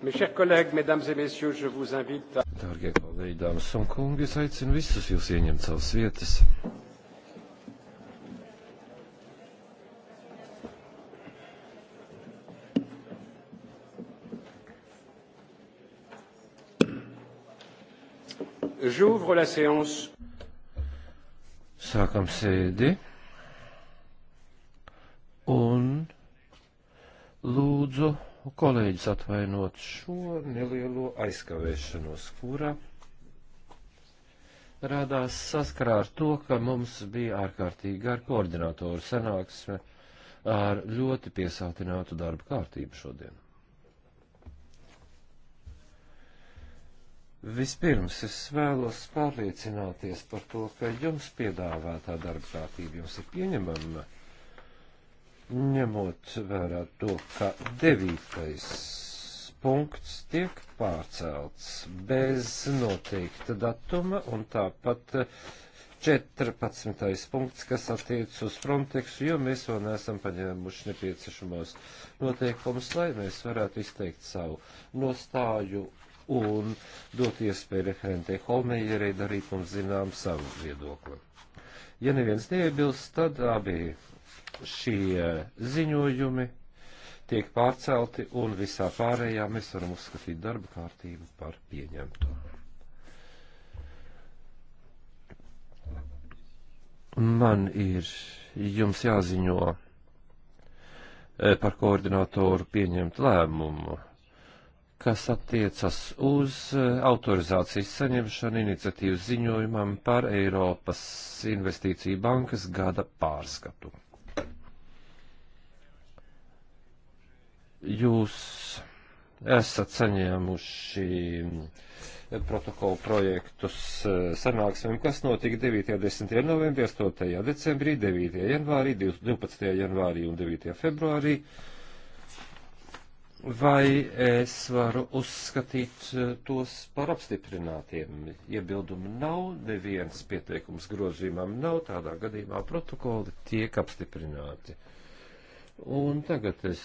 Mes chers collègues, mesdames et messieurs, je vous invite à... Dārgie kolēģi, dāmas un kungi, es aicinu visus jūs ieņemt savas vietas. J'ouvre la séance. Sākam sēdi. kolēģis atvainot šo nelielo aizkavēšanos, kura radās saskarā ar to, ka mums bija ārkārtīgi gar koordinatoru sanāksme ar ļoti piesātinātu darba kārtību šodien. Vispirms es vēlos pārliecināties par to, ka jums piedāvātā darba kārtība jums ir pieņemama ņemot vērā to, ka devītais punkts tiek pārcelts bez noteikta datuma un tāpat 14. punkts, kas attiec uz Frontexu, jo mēs vēl neesam paņēmuši nepieciešamos noteikumus, lai mēs varētu izteikt savu nostāju un dot iespēju referentei Holmejerei darīt mums zinām savu viedokli. Ja neviens neiebilst, tad abi šie ziņojumi tiek pārcelti un visā pārējā mēs varam uzskatīt darba kārtību par pieņemtu. Man ir jums jāziņo eh, par koordinatoru pieņemt lēmumu kas attiecas uz eh, autorizācijas saņemšanu iniciatīvas ziņojumam par Eiropas Investīciju bankas gada pārskatu. jūs esat saņēmuši protokolu projektus e, sanāksmēm, kas notika 9. 10. novembrī, 8. decembrī, 9. janvārī, 12. janvārī un 9. februārī. Vai es varu uzskatīt e, tos par apstiprinātiem? Iebildumu nav, neviens pieteikums grozījumam nav, tādā gadījumā protokoli tiek apstiprināti. Un tagad es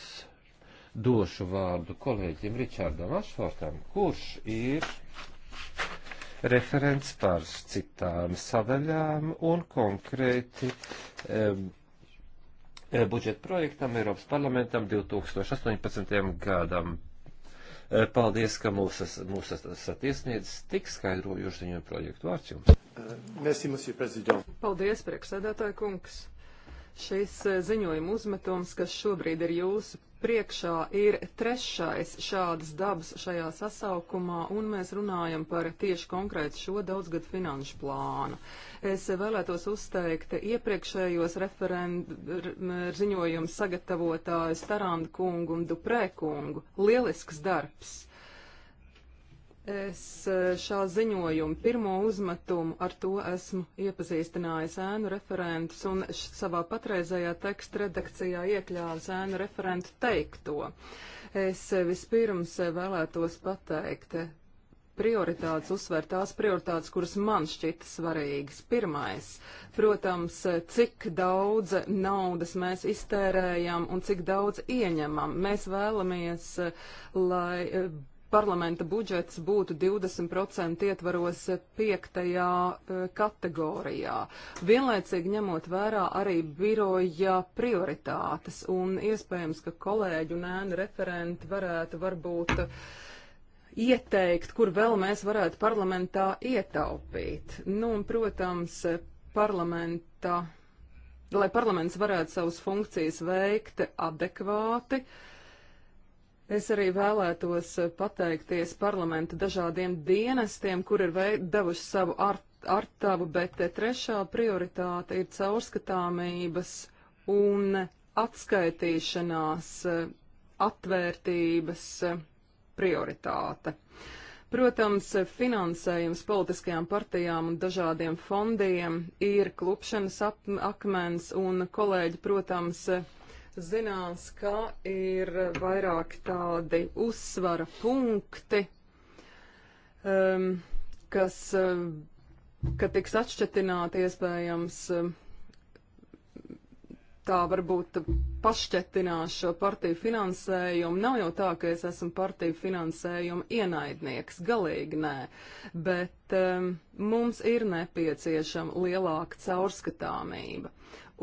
došu vārdu kolēģim Ričardam Ašfortam, kurš ir referents par citām sadaļām un konkrēti um, budžeta projektam Eiropas parlamentam 2018. gadam. E, paldies, ka mūs, mūs esat iesniedzis tik skaidrojuši viņu projektu vārds jums. Merci, monsieur prezident. Paldies, priekšsēdētāji kungs. Šis e, ziņojuma uzmetums, kas šobrīd ir jūsu priekšā ir trešais šādas dabas šajā sasaukumā, un mēs runājam par tieši konkrēti šo daudzgadu finanšu plānu. Es vēlētos uzteikt iepriekšējos ziņojumu sagatavotājus Tarandu kungu un Duprē kungu. Lielisks darbs! Es eh, šā ziņojuma pirmo uzmetumu ar to esmu iepazīstinājis ēnu referentus un savā patreizējā teksta redakcijā iekļāvis ēnu referentu teikto. Es eh, vispirms eh, vēlētos pateikt prioritātes, uzsvērt tās prioritātes, kuras man šķita svarīgas. Pirmais, protams, cik daudz naudas mēs iztērējam un cik daudz ieņemam. Mēs vēlamies, lai parlamenta budžets būtu 20% ietvaros piektajā e, kategorijā. Vienlaicīgi ņemot vērā arī biroja prioritātes un iespējams, ka kolēģi un ēna referenti varētu varbūt ieteikt, kur vēl mēs varētu parlamentā ietaupīt. Nu, un, protams, parlamenta, lai parlaments varētu savas funkcijas veikt adekvāti, uh, Es arī vēlētos eh, pateikties parlamenta dažādiem dienestiem, kur ir devuši savu art, artavu, bet eh, trešā prioritāte ir caurskatāmības un atskaitīšanās eh, atvērtības prioritāte. Protams, finansējums politiskajām partijām un dažādiem fondiem ir klupšanas akmens, un kolēģi, protams, zināms, ka ir vairāk tādi uzsvara punkti, um, kas, um, ka tiks atšķetināti iespējams. Um, tā varbūt pašķetinās šo partiju finansējumu. Nav jau tā, ka es esmu partiju finansējumu ienaidnieks, galīgi nē, bet um, mums ir nepieciešama lielāka caurskatāmība.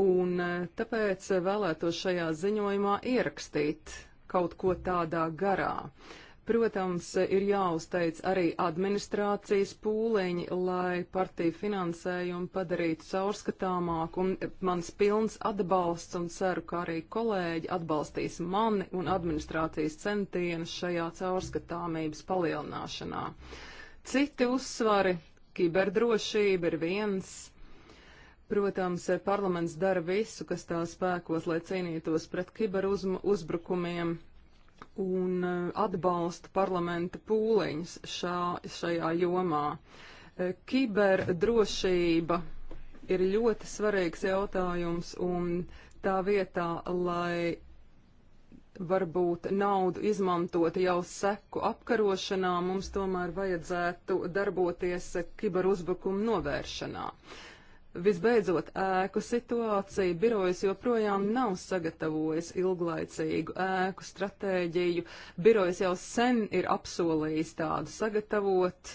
Un e, tāpēc vēlētos šajā ziņojumā ierakstīt kaut ko tādā garā. Protams, ir jāuzteic arī administrācijas pūliņi, lai partiju finansējumu padarītu caurskatāmāku, un mans pilns atbalsts, un ceru, ka arī kolēģi atbalstīs mani un administrācijas centienus šajā caurskatāmības palielināšanā. Citi uzsvari - kiberdrošība ir viens, Protams, parlaments dara visu, kas tā spēkos, lai cīnītos pret kiberuzbrukumiem un eh, atbalsta parlamenta pūliņus šā, šajā jomā. Eh, kiberdrošība ir ļoti svarīgs jautājums un tā vietā, lai varbūt naudu izmantot jau seku apkarošanā, mums tomēr vajadzētu darboties kiberuzbrukumu novēršanā. Visbeidzot, ēku situācija birojas joprojām nav sagatavojis ilglaicīgu ēku stratēģiju. Birojas jau sen ir apsolījis tādu sagatavot.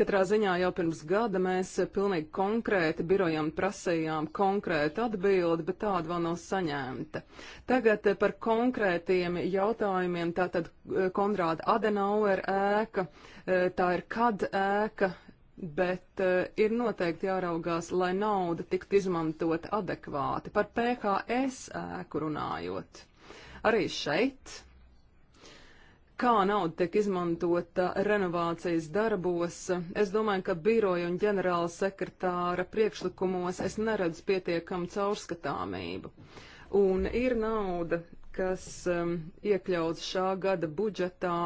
Katrā ziņā jau pirms gada mēs pilnīgi konkrēti birojam prasījām konkrētu atbildi, bet tāda vēl nav saņemta. Tagad par konkrētiem jautājumiem, tātad eh, Konrāda Adenauer ēka, eh, tā ir kad ēka, bet uh, ir noteikti jāraugās, lai nauda tiktu izmantota adekvāti. Par PHS ēku runājot, arī šeit, kā nauda tiek izmantota renovācijas darbos, es domāju, ka biroja un ģenerāla sekretāra priekšlikumos es neredzu pietiekamu caurskatāmību. Un ir nauda, kas um, iekļauts šā gada budžetā,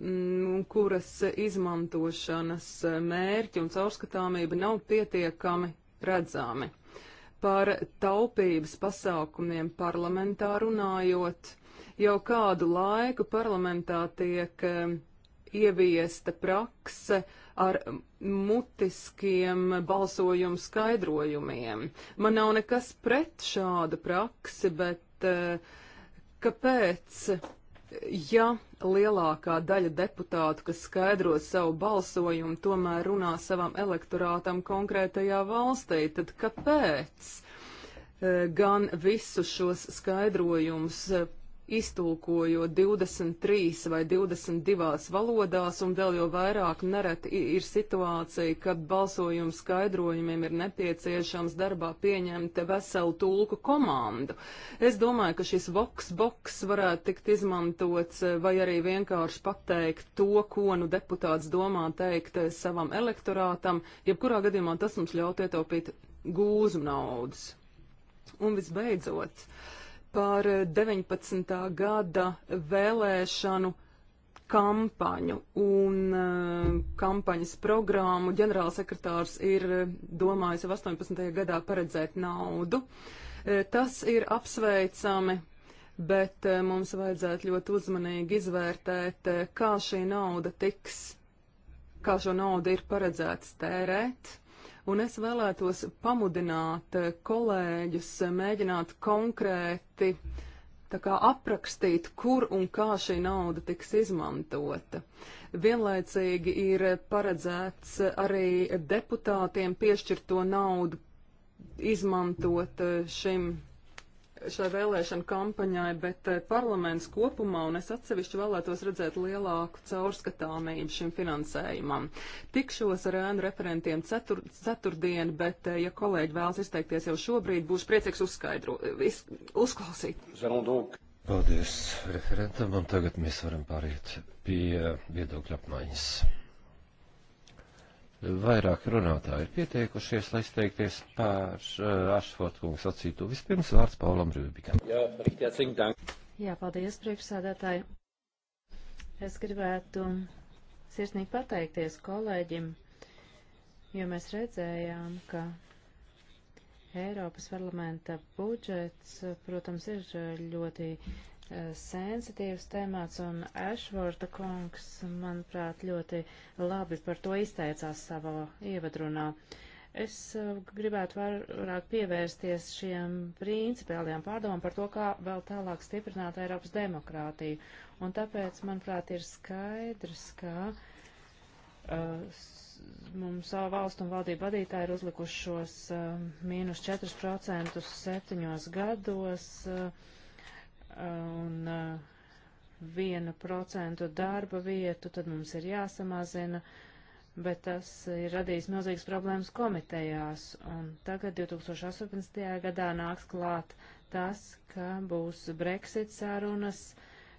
Mm, kuras izmantošanas mērķi un caurskatāmība nav pietiekami redzami. Par taupības pasākumiem parlamentā runājot, jau kādu laiku parlamentā tiek mm, ieviesta prakse ar mutiskiem balsojumu skaidrojumiem. Man nav nekas pret šādu praksi, bet mm, kāpēc ja lielākā daļa deputātu, kas skaidro savu balsojumu, tomēr runā savam elektorātam konkrētajā valstī, tad kāpēc eh, gan visus šos skaidrojumus eh, iztūkojot 23 vai 22 valodās, un vēl jau vairāk nereti ir situācija, kad balsojumu skaidrojumiem ir nepieciešams darbā pieņemt veselu tulku komandu. Es domāju, ka šis vox box varētu tikt izmantots, eh, vai arī vienkārši pateikt to, ko nu deputāts domā teikt eh, savam elektorātam, jebkurā gadījumā tas mums ļaut ietaupīt gūzu naudas. Un visbeidzot, uh, par 19. gada vēlēšanu kampaņu un uh, kampaņas programmu. Ģenerālsekretārs ir eh, domājis jau 18. gadā paredzēt naudu. E, tas ir apsveicami, bet e, mums vajadzētu ļoti uzmanīgi izvērtēt, e, kā šī nauda tiks, kā šo naudu ir paredzēts tērēt un es vēlētos pamudināt eh, kolēģus eh, mēģināt konkrēti tā kā aprakstīt, kur un kā šī nauda tiks izmantota. Vienlaicīgi ir paredzēts arī deputātiem piešķirto naudu izmantot eh, šim šai vēlēšana kampaņai, bet eh, parlaments kopumā un es atsevišķi vēlētos redzēt lielāku caurskatāmību šim finansējumam. Tikšos ar ēnu referentiem cetur, ceturtdien, bet eh, ja kolēģi vēlas izteikties jau šobrīd, būšu priecīgs uzskaidro, iz, uzklausīt. Paldies referentam, un tagad mēs varam pāriet pie viedokļa apmaiņas. Vairāk runātāji ir pieteikušies, lai izteikties pār eh, Ašforta kungu sacītu. Vispirms vārds Paulam Rībikam. Jā, Jā, paldies, priekšsādātāji. Es gribētu sirsnīgi pateikties kolēģim, jo mēs redzējām, ka Eiropas parlamenta budžets, protams, ir ļoti sensitīvs temats, un Ešvorta kungs, manuprāt, ļoti labi par to izteicās savā ievadrunā. Es uh, gribētu vairāk pievērsties šiem principiālajām pārdomām par to, kā vēl tālāk stiprināt Eiropas demokrātiju. Un tāpēc, manuprāt, ir skaidrs, ka uh, mums savu valstu un valdību vadītāji ir uzlikušos uh, mīnus 4% septiņos gados. Uh, un uh, vienu procentu darba vietu, tad mums ir jāsamazina, bet tas ir radījis milzīgas problēmas komitejās. Un tagad 2018. gadā nāks klāt tas, ka būs Brexit sarunas,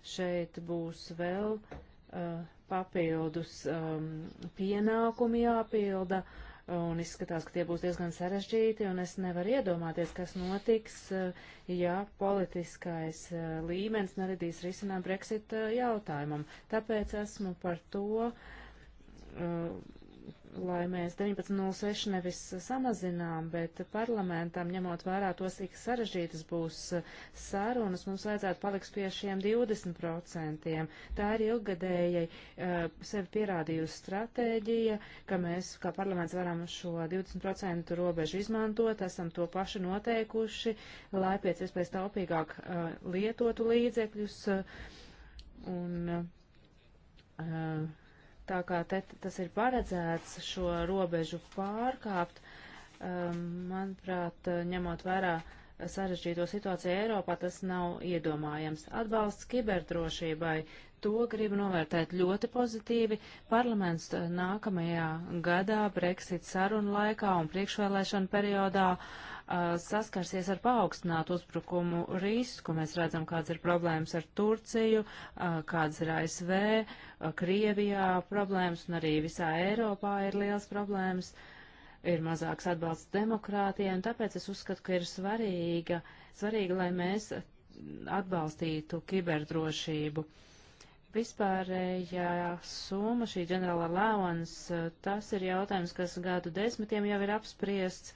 šeit būs vēl uh, papildus um, pienākumi jāpilda. Uh, un izskatās, ka tie būs diezgan sarežģīti, un es nevaru iedomāties, kas notiks, eh, ja politiskais eh, līmenis neredīs risinājumu Brexit eh, jautājumam. Tāpēc esmu par to, lai mēs 19.06 nevis samazinām, bet parlamentam, ņemot vērā tos, cik sarežģītas būs sarunas, mums vajadzētu palikt pie šiem 20%. Tā ir ilgadējai eh, sevi pierādījusi stratēģija, ka mēs, kā parlaments, varam šo 20% robežu izmantot, esam to paši noteikuši, lai pēc iespējas taupīgāk eh, lietotu līdzekļus. Eh, un, uh, tā kā te, tas ir paredzēts šo robežu pārkāpt, um, manuprāt, ņemot vērā sarežģīto situāciju Eiropā, tas nav iedomājams. Atbalsts kiberdrošībai To gribu novērtēt ļoti pozitīvi. Parlaments eh, nākamajā gadā, Brexit sarunu laikā un priekšvēlēšana periodā eh, saskarsies ar paaugstinātu uzbrukumu risku. Mēs redzam, kādas ir problēmas ar Turciju, eh, kādas ir ASV, Krievijā problēmas un arī visā Eiropā ir liels problēmas. Ir mazāks atbalsts demokrātijai, un tāpēc es uzskatu, ka ir svarīga, svarīga lai mēs atbalstītu kiberdrošību. Uh, vispārējā summa, šī ģenerāla allowance, eh, tas ir jautājums, kas gadu desmitiem jau ir apspriests,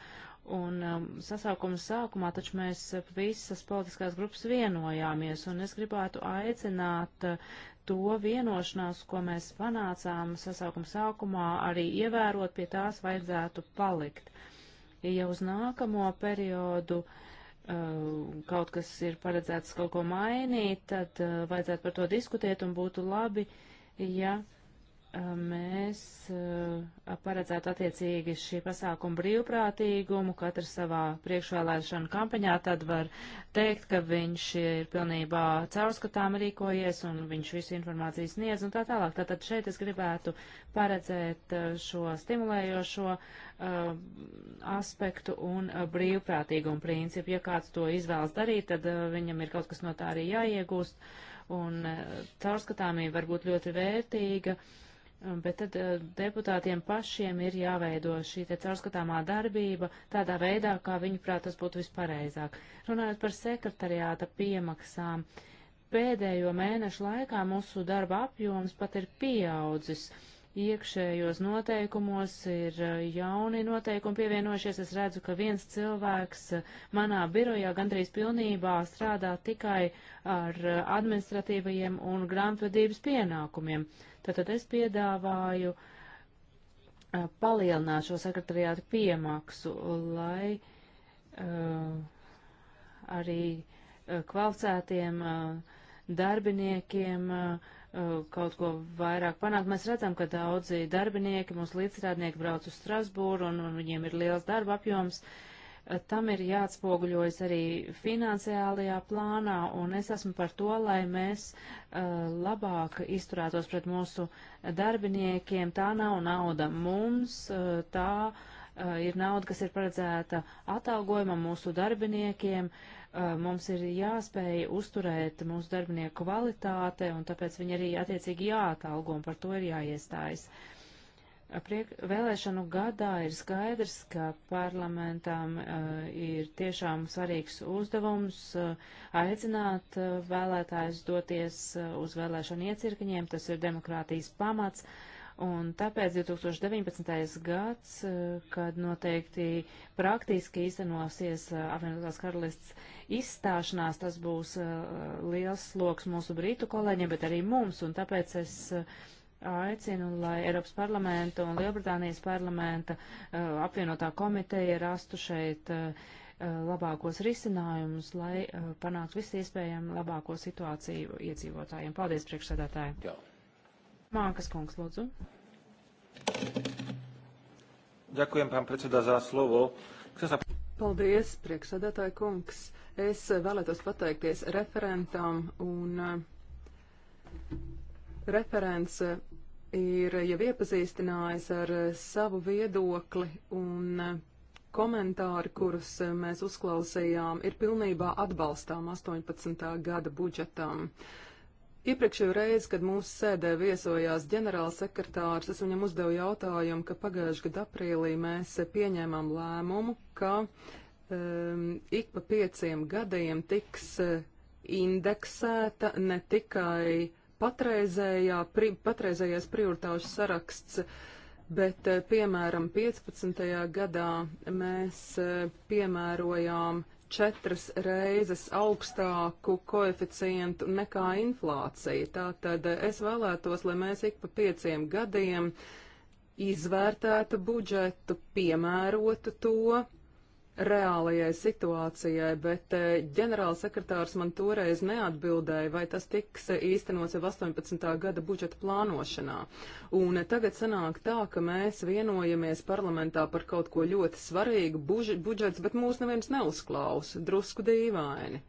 un um, sasaukuma sākumā taču mēs visas politiskās grupas vienojāmies, un es gribētu aicināt eh, to vienošanās, ko mēs panācām sasaukuma sākumā, arī ievērot pie tās vajadzētu palikt. Ja uz nākamo periodu uh, Uh, kaut kas ir paredzēts kaut ko mainīt, tad uh, vajadzētu par to diskutēt un būtu labi, ja mēs eh, paredzētu attiecīgi šī pasākuma brīvprātīgumu, katrs savā priekšvēlēšana kampaņā, tad var teikt, ka viņš ir pilnībā caurskatām rīkojies un viņš visu informāciju sniedz un tā tālāk. Tātad šeit es gribētu paredzēt eh, šo stimulējošo uh, aspektu un brīvprātīgumu principu. Ja kāds to izvēlas darīt, tad uh, viņam ir kaut kas no tā arī jāiegūst. Un uh, caurskatāmība var būt ļoti vērtīga. Uh, Um, bet tad uh, deputātiem pašiem ir jāveido šī te caurskatāmā darbība tādā veidā, kā viņu prāt tas būtu vispareizāk. Runājot par sekretariāta piemaksām, pēdējo mēnešu laikā mūsu darba apjoms pat ir pieaudzis iekšējos noteikumos ir uh, jauni noteikumi pievienojušies. Es redzu, ka viens cilvēks uh, manā birojā gandrīz pilnībā strādā tikai ar administratīvajiem un grāmatvedības pienākumiem. Tātad es piedāvāju uh, palielināt šo sekretariātu piemaksu, lai uh, arī uh, kvalificētiem darbiniekiem kaut ko vairāk panākt. Mēs redzam, ka daudzi darbinieki, mūsu līdzstrādnieki brauc uz Strasbūru un, un viņiem ir liels darba apjoms. Uh, tam ir jāatspoguļojas arī finansiālajā plānā, un es esmu par to, lai mēs uh, labāk izturētos pret mūsu darbiniekiem. Tā nav nauda mums, uh, tā uh, ir nauda, kas ir paredzēta atalgojumam mūsu darbiniekiem. Uh, mums ir jāspēj uzturēt mūsu darbinieku kvalitāte, un tāpēc viņi arī attiecīgi jāatalgo, un par to ir jāiestājas. Uh, priek vēlēšanu gadā ir skaidrs, ka parlamentām uh, ir tiešām svarīgs uzdevums uh, aicināt uh, vēlētājus doties uh, uz vēlēšanu iecirkņiem, tas ir demokrātijas pamats. Un tāpēc 2019. gads, uh, kad noteikti praktiski īstenosies uh, apvienotās karalists izstāšanās, tas būs uh, liels sloks mūsu brītu kolēģiem, bet arī mums, un tāpēc es uh, aicinu, lai Eiropas parlamenta un Lielbritānijas parlamenta uh, apvienotā komiteja rastu šeit uh, uh, labākos risinājumus, lai uh, panāktu visu iespējami labāko situāciju iedzīvotājiem. Paldies, priekšsēdētāji. Jā. Mākas kungs, lūdzu. Ďakujem, pán predseda, za slovo. Sa... Paldies, priekšsēdētāji kungs. Es uh, vēlētos pateikties referentam un uh, referents ir jau iepazīstinājis ar eh, savu viedokli un eh, komentāri, kurus eh, mēs uzklausījām, ir pilnībā atbalstām 18. gada budžetam. Iepriekšējo reizi, kad mūsu sēdē viesojās ģenerālsekretārs, es viņam uzdevu jautājumu, ka pagājušajā gadā aprīlī mēs pieņēmām lēmumu, ka um, ik pa pieciem gadiem tiks indeksēta ne tikai uh, patreizējā, pri, patreizējais prioritāšu saraksts, bet, eh, piemēram, 15. gadā mēs eh, piemērojām četras reizes augstāku koeficientu nekā inflācija. Tātad eh, es vēlētos, lai mēs ik pa pieciem gadiem izvērtētu budžetu, piemērotu to reālajai situācijai, bet eh, ģenerālsekretārs man toreiz neatbildēja, vai tas tiks eh, īstenots jau 18. gada budžeta plānošanā. Un eh, tagad sanāk tā, ka mēs vienojamies parlamentā par kaut ko ļoti svarīgu buž, budžets, bet mūs neviens neuzklausa, drusku dīvaini.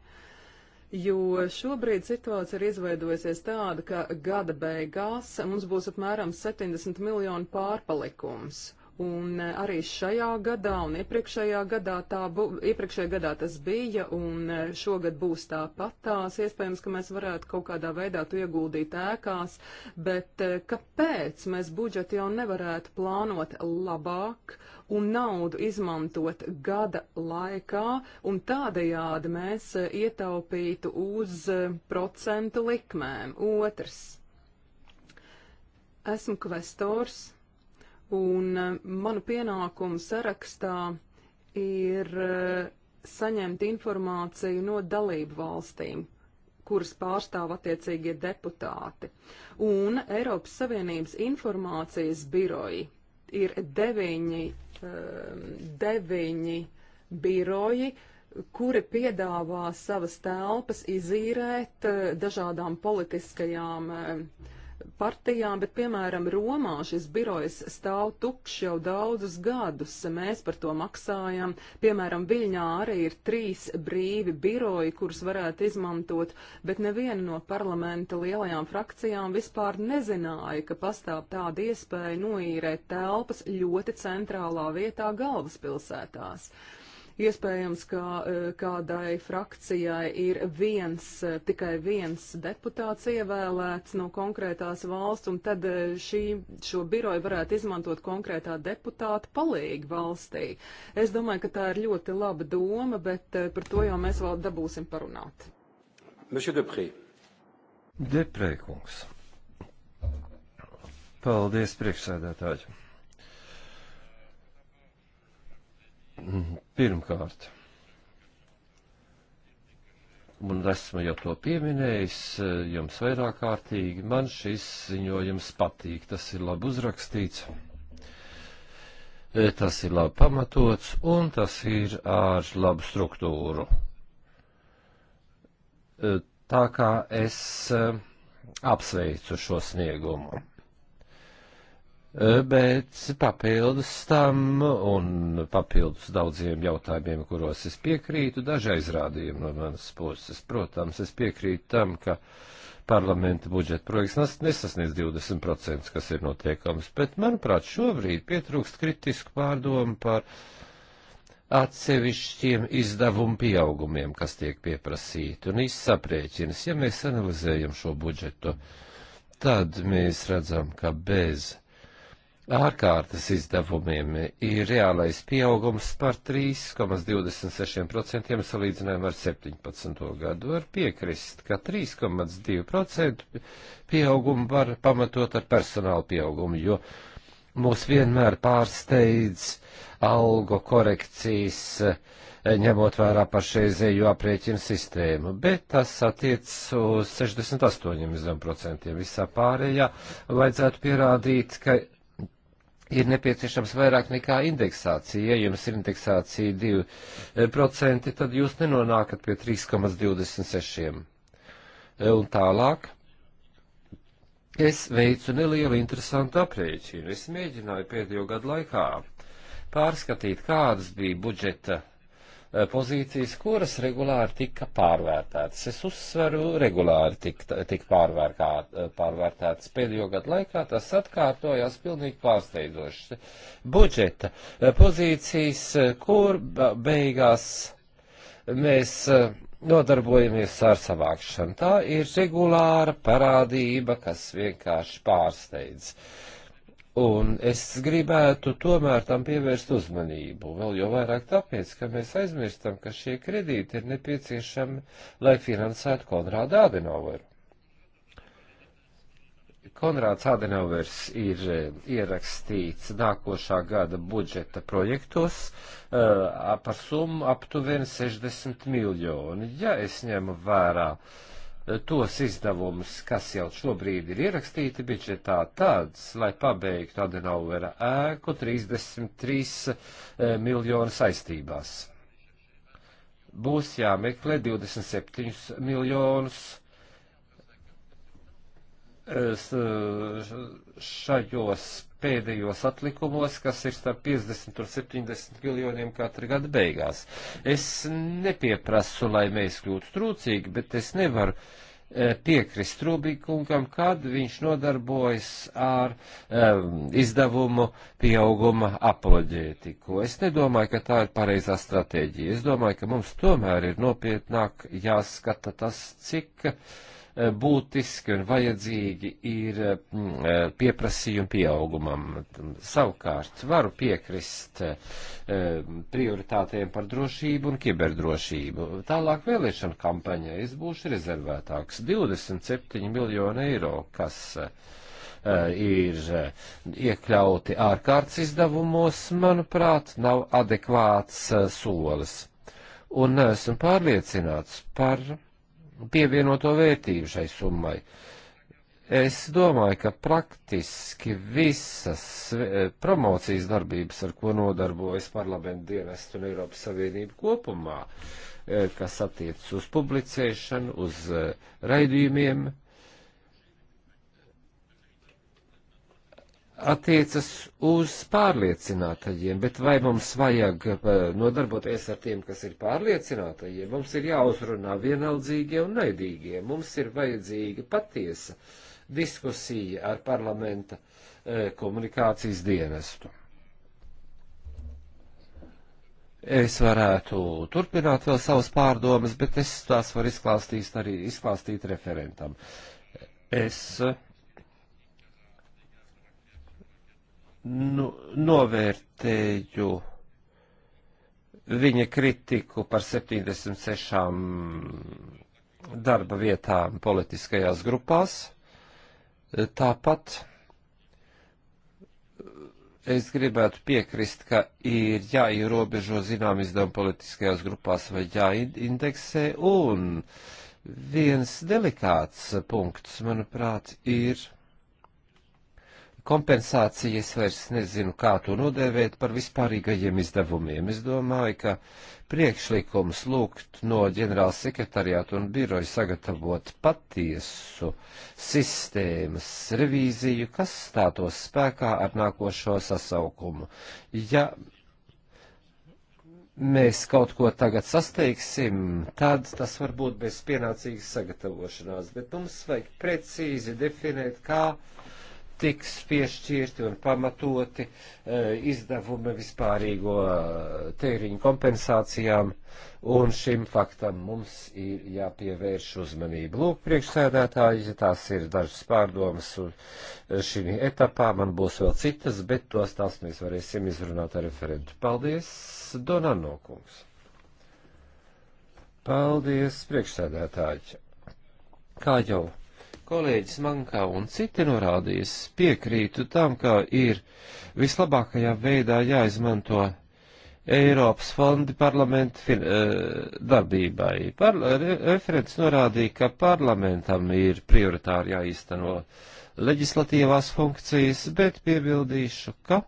Jo šobrīd situācija ir izveidojusies tāda, ka gada beigās mums būs apmēram 70 miljonu pārpalikums. Un eh, arī šajā gadā un iepriekšējā gadā, tā, bu, iepriekšējā gadā tas bija, un eh, šogad būs tāpat tās. Iespējams, ka mēs varētu kaut kādā veidā to ieguldīt ēkās, bet eh, kāpēc mēs budžetu jau nevarētu plānot labāk un naudu izmantot gada laikā, un tādējādi mēs ietaupītu uz procentu likmēm? Otrs. Esmu kvestors Un eh, manu pienākumu sarakstā ir eh, saņemt informāciju no dalību valstīm, kuras pārstāv attiecīgie deputāti. Un Eiropas Savienības informācijas biroji ir deviņi, eh, deviņi biroji, kuri piedāvā savas telpas izīrēt dažādām politiskajām uh, partijām, bet, piemēram, Romā šis birojs stāv tukšs jau daudzus gadus. Mēs par to maksājam. Piemēram, Viļņā arī ir trīs brīvi biroji, kurus varētu izmantot, bet neviena no parlamenta lielajām frakcijām vispār nezināja, ka pastāv tāda iespēja noīrēt telpas ļoti centrālā vietā galvaspilsētās. pilsētās. Iespējams, ka eh, kādai frakcijai ir viens, eh, tikai viens deputāts ievēlēts no konkrētās valsts, un tad eh, šī, šo biroju varētu izmantot konkrētā deputāta palīgi valstī. Es domāju, ka tā ir ļoti laba doma, bet par to jau mēs vēl dabūsim parunāt. Monsieur Depré. Deprē, kungs. Paldies, priekšsēdētāji. Pirmkārt, un esmu jau to pieminējis eh, jums vairāk kārtīgi, man šis ziņojums patīk, tas ir labi uzrakstīts, eh, tas ir labi pamatots un tas ir ar labu struktūru. Eh, tā kā es apsveicu šo sniegumu. Eh, bet papildus tam un papildus daudziem jautājumiem, kuros es piekrītu, daži aizrādījumi no manas puses. Protams, es piekrītu tam, ka parlamenta budžeta projekts nesasniedz 20%, kas ir notiekams, bet, manuprāt, šobrīd pietrūkst kritisku pārdomu par atsevišķiem izdevumu pieaugumiem, kas tiek pieprasīti un izsaprēķinas. Ja mēs analizējam šo budžetu, tad mēs redzam, ka bez ārkārtas izdevumiem ir reālais pieaugums par 3,26% salīdzinājumā ar 17. gadu. Var piekrist, ka 3,2% pieaugumu var pamatot ar personāla pieaugumu, jo mūs vienmēr pārsteidz algu korekcijas eh, ņemot vērā pašreizējo aprēķinu sistēmu, bet tas attiec uz 68% visā pārējā. Vajadzētu pierādīt, ka ir nepieciešams vairāk nekā indeksācija. Ja jums ir indeksācija 2%, eh, tad jūs nenonākat pie 3,26. Eh, un tālāk. Es veicu nelielu interesantu aprēķinu. Es mēģināju pēdējo gadu laikā pārskatīt, kādas bija budžeta Eh, pozīcijas, kuras regulāri tika pārvērtētas. Es uzsveru, regulāri tika, tika eh, pārvērtētas. Pēdējo gadu laikā tas atkārtojās pilnīgi pārsteidzoši. Budžeta eh, pozīcijas, kur beigās mēs nodarbojamies ar savākšanu. Tā ir regulāra parādība, kas vienkārši pārsteidz. Uh, Un es gribētu tomēr tam pievērst uzmanību, vēl jau vairāk tāpēc, ka mēs aizmirstam, ka šie kredīti ir nepieciešami, lai finansētu Konrādu Adenaueru. Konrāds Adenauvers ir eh, ierakstīts nākošā gada budžeta projektos uh, par summu aptuveni 60 miljoni. Ja es ņemu vērā uh, tos izdevumus, kas jau šobrīd ir ierakstīti budžetā, tāds, lai pabeigtu Adenauvera ēku 33 eh, miljonu saistībās. Būs jāmeklē 27 miljonus eh, šajos pēdējos atlikumos, kas ir starp 50 un 70 miljoniem katra gada beigās. Es nepieprasu, lai mēs kļūtu trūcīgi, bet es nevaru eh, piekrist Rubikungam, kad viņš nodarbojas ar um, izdevumu pieauguma apoloģētiku. Es nedomāju, ka tā ir pareizā stratēģija. Es domāju, ka mums tomēr ir nopietnāk jāskata tas, cik uh, Eh, būtiski un vajadzīgi ir eh, eh, pieprasījumi pieaugumam. Savukārt varu piekrist prioritātēm par drošību un kiberdrošību. Tālāk vēlēšana kampaņai es būšu rezervētāks 27 miljonu eiro, kas ir iekļauti ārkārtas izdevumos, manuprāt, nav adekvāts solis. Un esmu pārliecināts par pievienoto vērtību šai summai. Es domāju, ka praktiski visas eh, promocijas darbības, ar ko nodarbojas parlamenta dienestu un Eiropas Savienība kopumā, eh, kas attiecas uz publicēšanu, uz eh, raidījumiem, attiecas uz pārliecinātajiem, bet vai mums vajag eh, nodarboties ar tiem, kas ir pārliecinātajiem? Mums ir jāuzrunā vienaldzīgie un naidīgie. Mums ir vajadzīga patiesa diskusija ar parlamenta eh, komunikācijas dienestu. Es varētu turpināt vēl savas pārdomas, bet es tās varu izklāstīt arī izklāstīt referentam. Es eh, nu, novērtēju viņa kritiku par 76 darba vietām politiskajās grupās. Tāpat es gribētu piekrist, ka ir jāierobežo zinām izdevumu politiskajās grupās vai jāindeksē, un viens delikāts punkts, manuprāt, ir kompensācijas vairs nezinu, kā to nodēvēt par vispārīgajiem izdevumiem. Es domāju, ka priekšlikums lūgt no ģenerāla sekretariāta un biroja sagatavot patiesu sistēmas revīziju, kas stātos spēkā ar nākošo sasaukumu. Ja mēs kaut ko tagad sasteigsim, tad tas var būt bez pienācīgas sagatavošanās, bet mums vajag precīzi definēt, kā tiks piešķirti un pamatoti e, izdevumi vispārīgo e, tēriņu kompensācijām, un šim faktam mums ir jāpievērš uzmanība. Lūk, priekšsēdētāji, tās ir dažas pārdomas, un e, šī etapā man būs vēl citas, bet tos tās mēs varēsim izrunāt ar referentu. Paldies, Donano kungs! Paldies, priekšsēdētāji! Kā jau kolēģis Mankā un citi norādījis, piekrītu tam, ka ir vislabākajā veidā jāizmanto Eiropas fondi parlamentu fin, uh, darbībai. Par, referents norādīja, ka parlamentam ir prioritāri jāizteno leģislatīvās funkcijas, bet piebildīšu, ka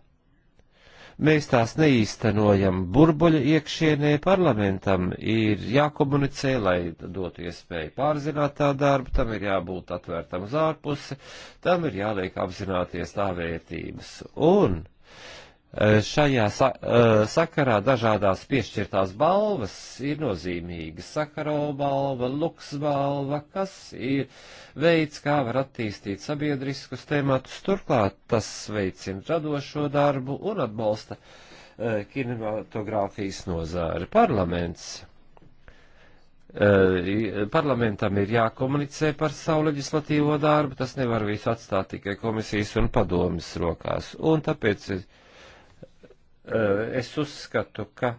mēs tās neīstenojam burbuļu iekšienē parlamentam, ir jākomunicē, lai dotu iespēju pārzināt tā darbu, tam ir jābūt atvērtam uz ārpusi, tam ir jāliek apzināties tā vērtības. Un Eh, šajā sa eh, sakarā dažādās piešķirtās balvas ir nozīmīga. Sakaro balva, luks balva, kas ir veids, kā var attīstīt sabiedriskus tēmatus. Turklāt tas veicina radošo darbu un atbalsta uh, kinematogrāfijas nozāri. Parlaments parlamentam ir jākomunicē par savu leģislatīvo darbu, tas nevar visu atstāt tikai komisijas un padomjas rokās. Un tāpēc Eh, es uzskatu, ka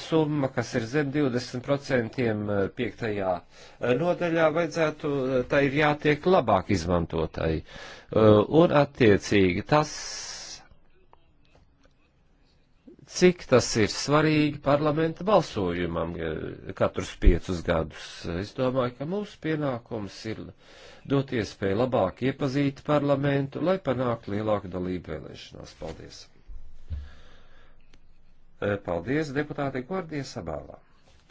summa, kas ir zem 20% eh, piektajā eh, nodaļā, vajadzētu, tā ir jātiek labāk izmantotai. Un attiecīgi tas, cik tas ir svarīgi parlamenta balsojumam katrus piecus gadus. Es domāju, ka mūsu pienākums ir dot iespēju labāk iepazīt parlamentu, lai panāktu lielāku dalību vēlēšanās. Paldies! Eh, paldies, deputāte Gordija Sabālā.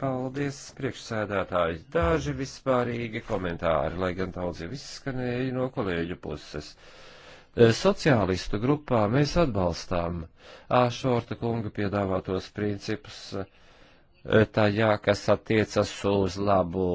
Paldies, priekšsēdētāji. Daži vispārīgi komentāri, lai gan daudz jau izskanēja no kolēģu puses. Eh, sociālistu grupā mēs atbalstām Āšorta kunga piedāvātos principus tajā, kas attiecas uz labu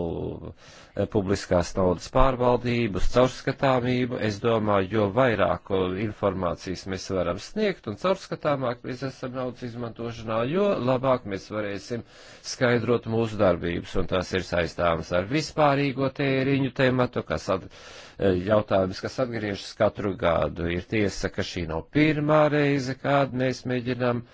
eh, publiskās naudas pārvaldību, uz caurskatāmību. Es domāju, jo vairāk informācijas mēs varam sniegt un caurskatāmāk mēs esam naudas izmantošanā, jo labāk mēs varēsim skaidrot mūsu darbības. Un tās ir saistāmas ar vispārīgo tēriņu tēmatu, kas at, eh, jautājums, kas atgriežas katru gadu. Ir tiesa, ka šī nav pirmā reize, kādu mēs mēģinām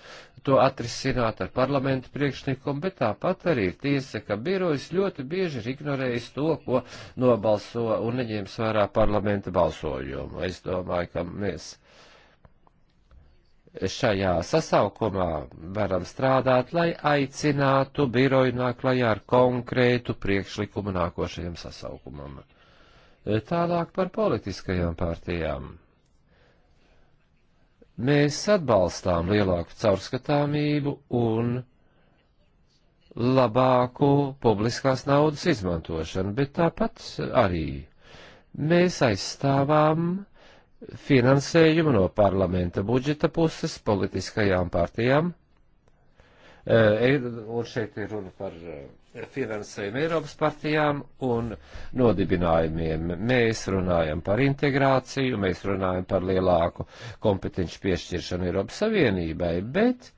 to atrisināt ar parlamentu priekšlikumu, bet tāpat arī ir tiesa, ka birojas ļoti bieži ir ignorējis to, ko nobalso un neņēmis vērā parlamenta balsojumu. Es domāju, ka mēs šajā sasaukumā varam strādāt, lai aicinātu biroju nāklajā ar konkrētu priekšlikumu nākošajam sasaukumam. Tālāk par politiskajām partijām. Mēs atbalstām lielāku caurskatāmību un labāku publiskās naudas izmantošanu, bet tāpat arī mēs aizstāvām finansējumu no parlamenta budžeta puses politiskajām partijām. Eh, e, un šeit ir runa par eh, finansējumu Eiropas partijām un nodibinājumiem. Mēs runājam par integrāciju, mēs runājam par lielāku kompetenci piešķiršanu Eiropas Savienībai, bet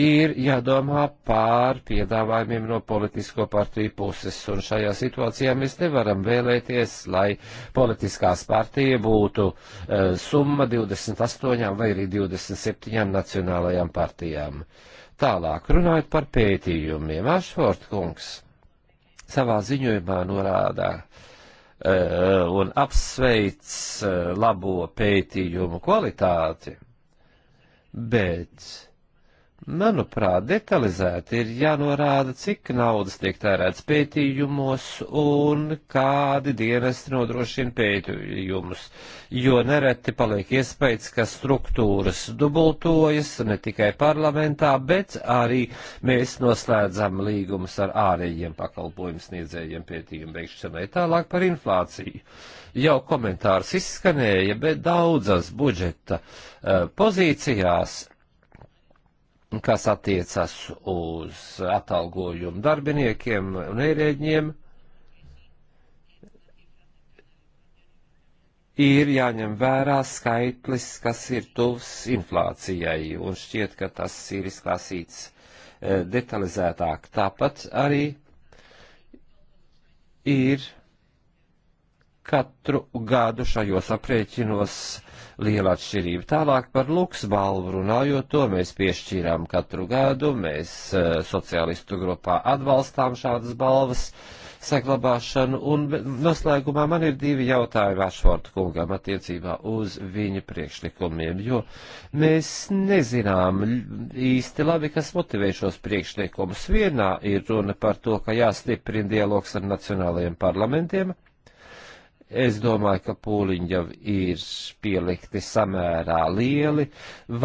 ir jādomā pār piedāvājumiem no politisko partiju puses, un šajā situācijā mēs nevaram vēlēties, lai politiskās partija būtu uh, summa 28 vai arī 27 nacionālajām partijām. Uh, Tālāk, runājot par pētījumiem, Ašford kungs savā ziņojumā norādā uh, e, un apsveic uh, labo pētījumu kvalitāti, bet Manuprāt, detalizēti ir jānorāda, cik naudas tiek tērēts pētījumos un kādi dienesti nodrošina pētījumus, jo nereti paliek iespējas, ka struktūras dubultojas ne tikai parlamentā, bet arī mēs noslēdzam līgumus ar ārējiem pakalpojumu sniedzējiem pētījumu veikšanai. Tālāk par inflāciju. Jau komentārs izskanēja, bet daudzas budžeta uh, pozīcijās kas attiecas uz atalgojumu darbiniekiem un ierēģiem, ir jāņem vērā skaitlis, kas ir tuvs inflācijai, un šķiet, ka tas ir izklāsīts eh, detalizētāk. Tāpat arī ir katru gadu šajos aprēķinos liela atšķirība. Tālāk par luks balvu runājot, to mēs piešķīrām katru gadu, mēs eh, sociālistu grupā atbalstām šādas balvas saglabāšanu, un noslēgumā man ir divi jautājumi Ašvorta kungam attiecībā uz viņa priekšlikumiem, jo mēs nezinām īsti labi, kas motivē šos priekšlikumus. Vienā ir runa par to, ka jāstiprina dialogs ar nacionālajiem parlamentiem Es domāju, ka pūliņi jau ir pielikti samērā lieli,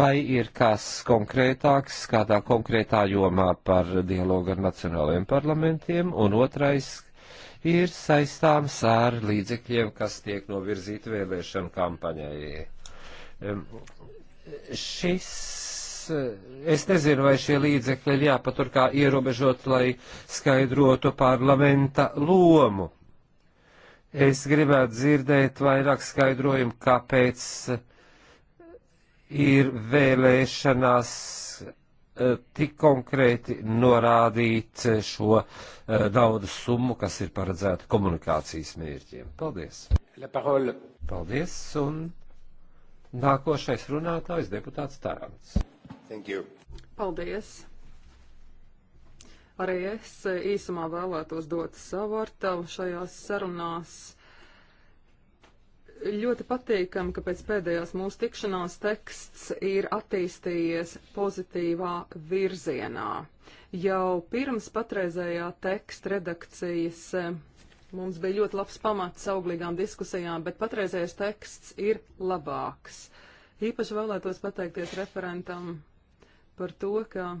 vai ir kas konkrētāks, kādā konkrētā jomā par dialogu ar nacionālajiem parlamentiem, un otrais ir saistāms ar līdzekļiem, kas tiek novirzīti vēlēšanu kampaņai. Šis es nezinu, vai šie līdzekļi ir jāpatur kā ierobežot, lai skaidrotu parlamenta lomu Es gribētu dzirdēt vairāk skaidrojumu, kāpēc eh, ir vēlēšanās eh, tik konkrēti norādīt eh, šo naudas summu, kas ir paredzēta komunikācijas mērķiem. Paldies! Paldies! Un nākošais runātājs deputāts Tarants. Paldies! Arī es īsumā vēlētos dot savu artavu šajās sarunās. Ļoti patīkam, ka pēc pēdējās mūsu tikšanās teksts ir attīstījies pozitīvā virzienā. Jau pirms patreizējā teksta redakcijas eh, mums bija ļoti labs pamats auglīgām diskusijām, bet patreizējais teksts ir labāks. Īpaši vēlētos pateikties referentam par to, ka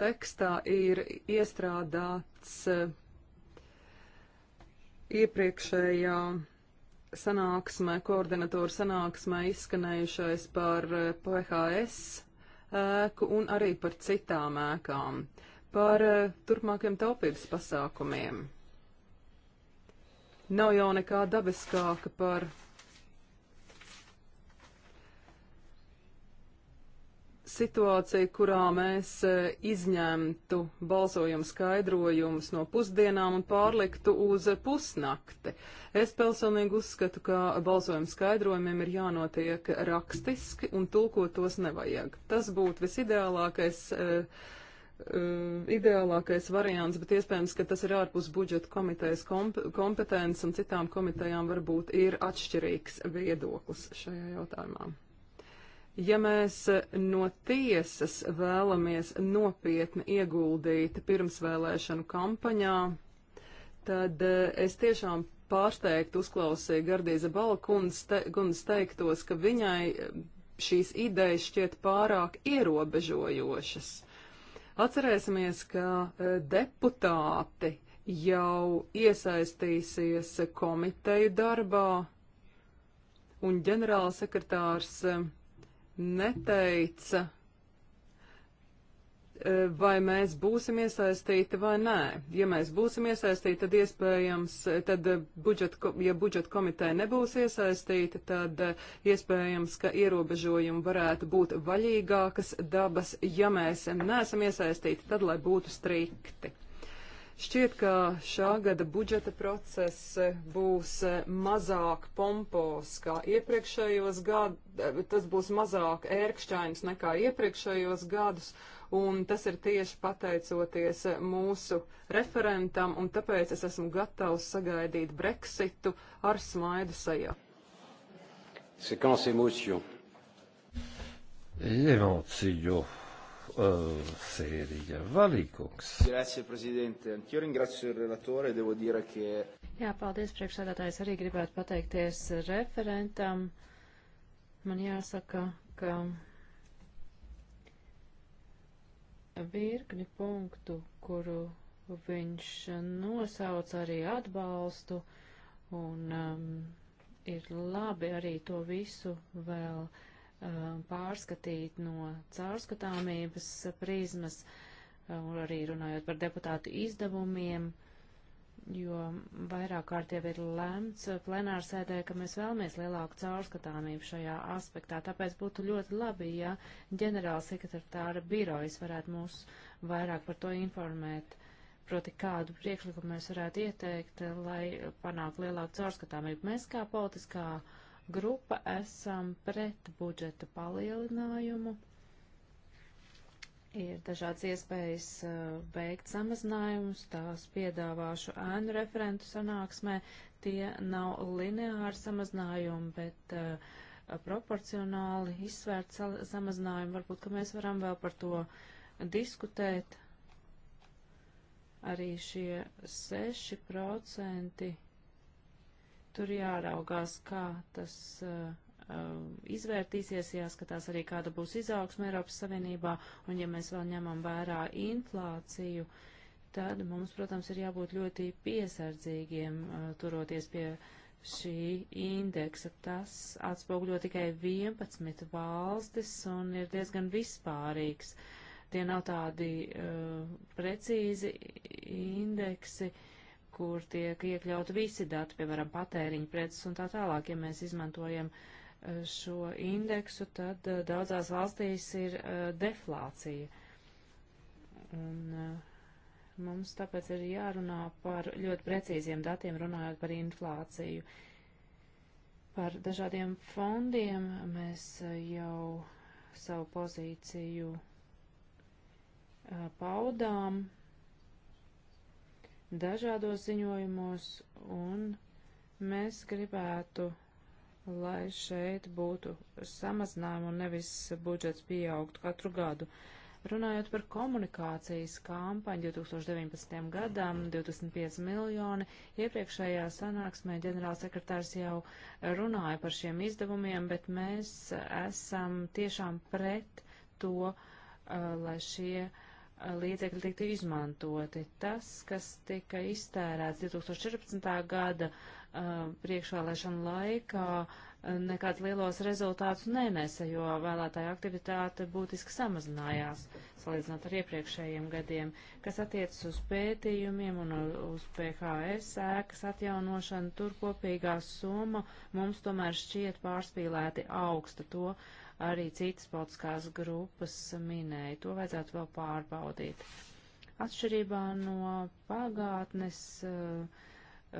tekstā ir iestrādāts eh, iepriekšējā sanāksmē, koordinatoru sanāksmē izskanējušais par eh, PHS ēku un arī par citām ēkām, par eh, turpmākiem taupības pasākumiem. Nav jau nekā dabiskāka par situācija, kurā mēs e, izņemtu balsojumu skaidrojumus no pusdienām un pārliktu uz pusnakti. Es personīgi uzskatu, ka balsojumu skaidrojumiem ir jānotiek rakstiski un tulkot tos nevajag. Tas būtu visideālākais. Uh, uh, ideālākais variants, bet iespējams, ka tas ir ārpus budžeta komitejas komp kompetences un citām komitejām varbūt ir atšķirīgs viedoklis šajā jautājumā. Ja mēs eh, no tiesas vēlamies nopietni ieguldīt pirmsvēlēšanu kampaņā, tad eh, es tiešām pārsteigti uzklausīju Gardīza Balkundas te, teiktos, ka viņai eh, šīs idejas šķiet pārāk ierobežojošas. Atcerēsimies, ka deputāti jau iesaistīsies komiteju darbā, un ģenerālsekretārs sekretārs neteica, e, vai mēs būsim iesaistīti vai nē. Ja mēs būsim iesaistīti, tad iespējams, e, tad e, budžet, ja budžeta komiteja nebūs iesaistīta, tad iespējams, ka ierobežojumi varētu būt vaļīgākas dabas. Ja mēs neesam iesaistīti, tad lai būtu strikti. Šķiet, ka šā gada budžeta process būs e, mazāk pompos kā iepriekšējos gadus, e, tas būs mazāk ērkšķains nekā iepriekšējos gadus, un tas ir tieši pateicoties e, mūsu referentam, un tāpēc es esmu gatavs sagaidīt Brexitu ar smaidu sajā. Sekans emociju. Emociju uh, sērija. Valīkungs. Grazie, prezidente. Anch'io ringrazio il relatore, devo dire che... Jā, paldies, priekšsēdētājs. Arī gribētu pateikties referentam. Man jāsaka, ka virkni punktu, kuru viņš nosauca arī atbalstu, un um, ir labi arī to visu vēl uh, pārskatīt no caurskatāmības prizmas, arī runājot par deputātu izdevumiem, jo vairāk kārt jau ir lemts plenārsēdē, ka mēs vēlamies lielāku caurskatāmību šajā aspektā. Tāpēc būtu ļoti labi, ja ģenerāla sekretāra birojas varētu mūs vairāk par to informēt. Proti, kādu priekšlikumu mēs varētu ieteikt, lai panāktu lielāku caurskatāmību. Mēs kā politiskā uh, grupa esam pret budžeta palielinājumu. Ir dažādas iespējas veikt uh, samazinājumus, tās piedāvāšu ēnu referentu sanāksmē. Tie nav lineāri samazinājumi, bet uh, proporcionāli izsvērt sa samazinājumu. Varbūt, ka mēs varam vēl par to diskutēt. Arī šie 6% Tur jāraugās, kā tas uh, uh, izvērtīsies, jāskatās arī, kāda būs izaugsme Eiropas Savienībā, un ja mēs vēl ņemam vērā inflāciju, tad mums, protams, ir jābūt ļoti piesardzīgiem, uh, turoties pie šī indeksa. Tas atspoguļo tikai 11 valstis un ir diezgan vispārīgs. Tie nav tādi uh, precīzi indeksi. Uh, kur tiek iekļaut visi dati, piemēram, patēriņa preces un tā tālāk. Ja mēs izmantojam eh, šo indeksu, tad eh, daudzās valstīs ir eh, deflācija. Un mums tāpēc ir jārunā par ļoti precīziem datiem, runājot par inflāciju. Par dažādiem fondiem mēs jau savu pozīciju paudām. Uh, dažādos ziņojumos, un mēs gribētu, lai šeit būtu samazinājumi un nevis budžets pieaugtu katru gadu. Runājot par komunikācijas kampaņu 2019. gadam, 25 miljoni, iepriekšējā sanāksmē ģenerālsekretārs jau runāja par šiem izdevumiem, bet mēs esam tiešām pret to, uh, lai šie uh, līdzekļi tiktu izmantoti. Tas, kas tika iztērēts 2014. gada uh, priekšvēlēšanu laikā, uh, nekāds lielos rezultātus nenesa, jo vēlētāja aktivitāte būtiski samazinājās, salīdzinot ar iepriekšējiem gadiem, kas attiecas uz pētījumiem un uz PHS ēkas atjaunošanu. Tur kopīgā summa mums tomēr šķiet pārspīlēti augsta. To arī citas politiskās grupas minēja. To vajadzētu vēl pārbaudīt. Atšķirībā no pagātnes eh,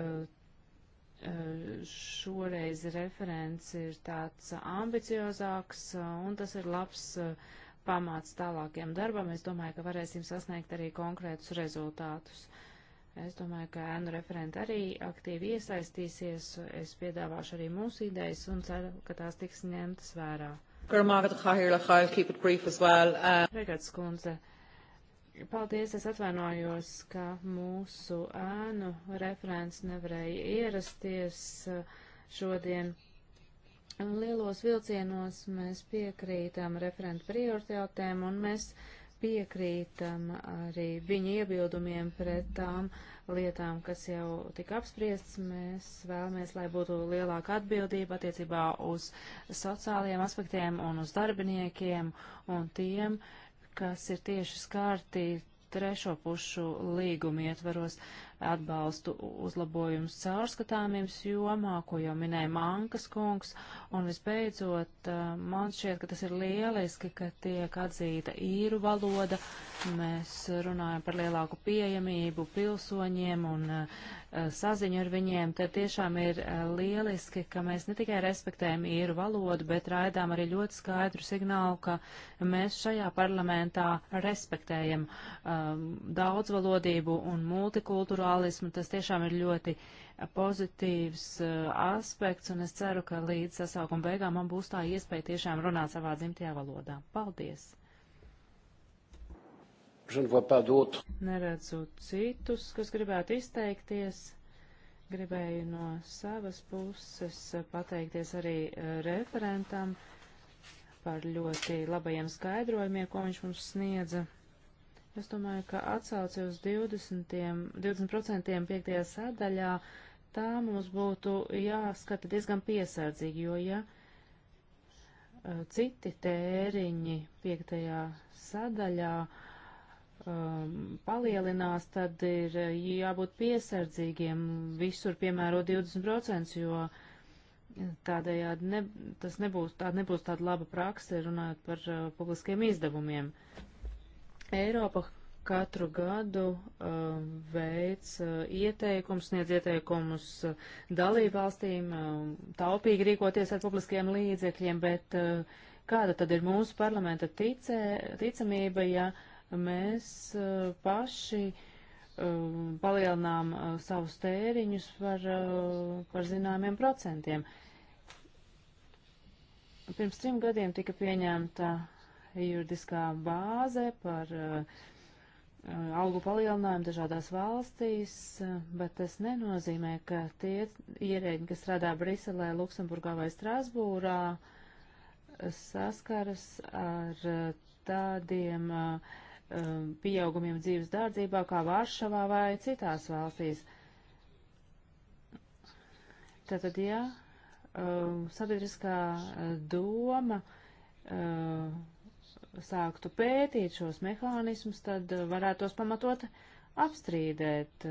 eh, šoreiz referents ir tāds ambiciozāks eh, un tas ir labs pamāts tālākiem darbam. Es domāju, ka varēsim sasniegt arī konkrētus rezultātus. Es domāju, ka ēnu referenti arī aktīvi iesaistīsies. Es piedāvāšu arī mūsu idejas un ceru, ka tās tiks ņemtas vērā. I'll keep it brief as well. Regards kundze. Paldies, es atvainojos, ka mūsu ēnu referents nevarēja ierasties uh, šodien. Lielos vilcienos mēs piekrītam referentu prioritātēm un mēs piekrītam arī viņa iebildumiem pret tām uh, lietām, kas jau tika apspriestas. Mēs vēlamies, lai būtu lielāka atbildība attiecībā uz sociālajiem aspektiem un uz darbiniekiem un tiem, kas ir tieši skārti trešo pušu līgumu ietvaros. Uh, atbalstu uzlabojumus caurskatāmības jomā, ko jau minēja Mankas kungs. Un visbeidzot, eh, man šķiet, ka tas ir lieliski, ka tiek atzīta īru valoda. Mēs runājam par lielāku pieejamību pilsoņiem un eh, saziņu ar viņiem. Tad tiešām ir eh, lieliski, ka mēs ne tikai respektējam īru valodu, bet raidām arī ļoti skaidru signālu, ka mēs šajā parlamentā respektējam um, daudzvalodību un multikultūru plurālismu. Tas tiešām ir ļoti eh, pozitīvs uh, aspekts, un es ceru, ka līdz sasaukuma beigām man būs tā iespēja tiešām runāt savā dzimtajā valodā. Paldies! Neredzu citus, kas gribētu izteikties. Gribēju no savas puses eh, pateikties arī referentam par ļoti labajiem skaidrojumiem, ko viņš mums sniedza. Es domāju, ka atsauci uz 20%, 20 piektajā sadaļā, tā mums būtu jāskata diezgan piesardzīgi, jo ja citi tēriņi piektajā sadaļā um, palielinās, tad ir jābūt piesardzīgiem visur piemēro 20%, jo tādējādi ne, tas nebūs, tā nebūs tāda laba prakse runājot par uh, publiskiem izdevumiem. Uh, Eiropa katru gadu uh, veic uh, ieteikums, sniedz ieteikumus uh, dalībvalstīm uh, taupīgi rīkoties ar publiskiem līdzekļiem, bet uh, kāda tad ir mūsu parlamenta ticē, ticamība, ja mēs uh, paši palielinām savus tēriņus par, par zināmiem procentiem? Pirms trim gadiem tika pieņemta juridiskā bāze par uh, algu palielinājumu dažādās valstīs, bet tas nenozīmē, ka tie ierēģi, kas strādā Briselē, Luksemburgā vai Strasbūrā, saskaras ar eh, tādiem eh, pieaugumiem dzīves dārdzībā kā Varšavā vai citās valstīs. Tātad, jā, sabiedriskā doma sāktu pētīt šos mehānismus, tad eh, varētu tos pamatot apstrīdēt.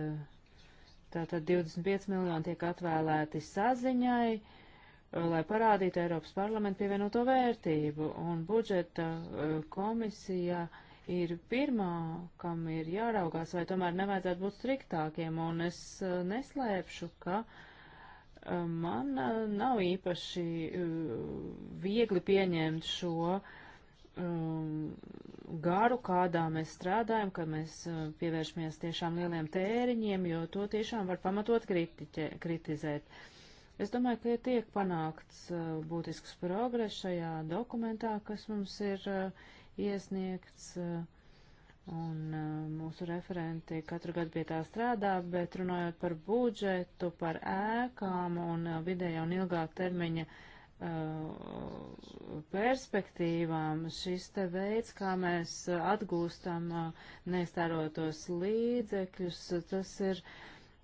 Tātad 25 miljoni tiek atvēlēti saziņai, eh, lai parādītu Eiropas parlamentu pievienoto vērtību, un budžeta eh, komisija ir pirmā, kam ir jāraugās, vai tomēr nevajadzētu būt striktākiem, un es neslēpšu, ka man nav īpaši viegli pieņemt šo uh, um, garu, kādā mēs strādājam, ka mēs uh, pievēršamies tiešām lieliem tēriņiem, jo to tiešām var pamatot kritiķe, kritizēt. Es domāju, ka ja tiek panākts uh, būtisks progress šajā dokumentā, kas mums ir uh, iesniegts, uh, un uh, mūsu referenti katru gadu pie tā strādā, bet runājot par budžetu, par ēkām un uh, vidējā un ilgā termiņa uh, Uh, perspektīvām šis te veids, kā mēs atgūstam uh, nestārotos līdzekļus, tas ir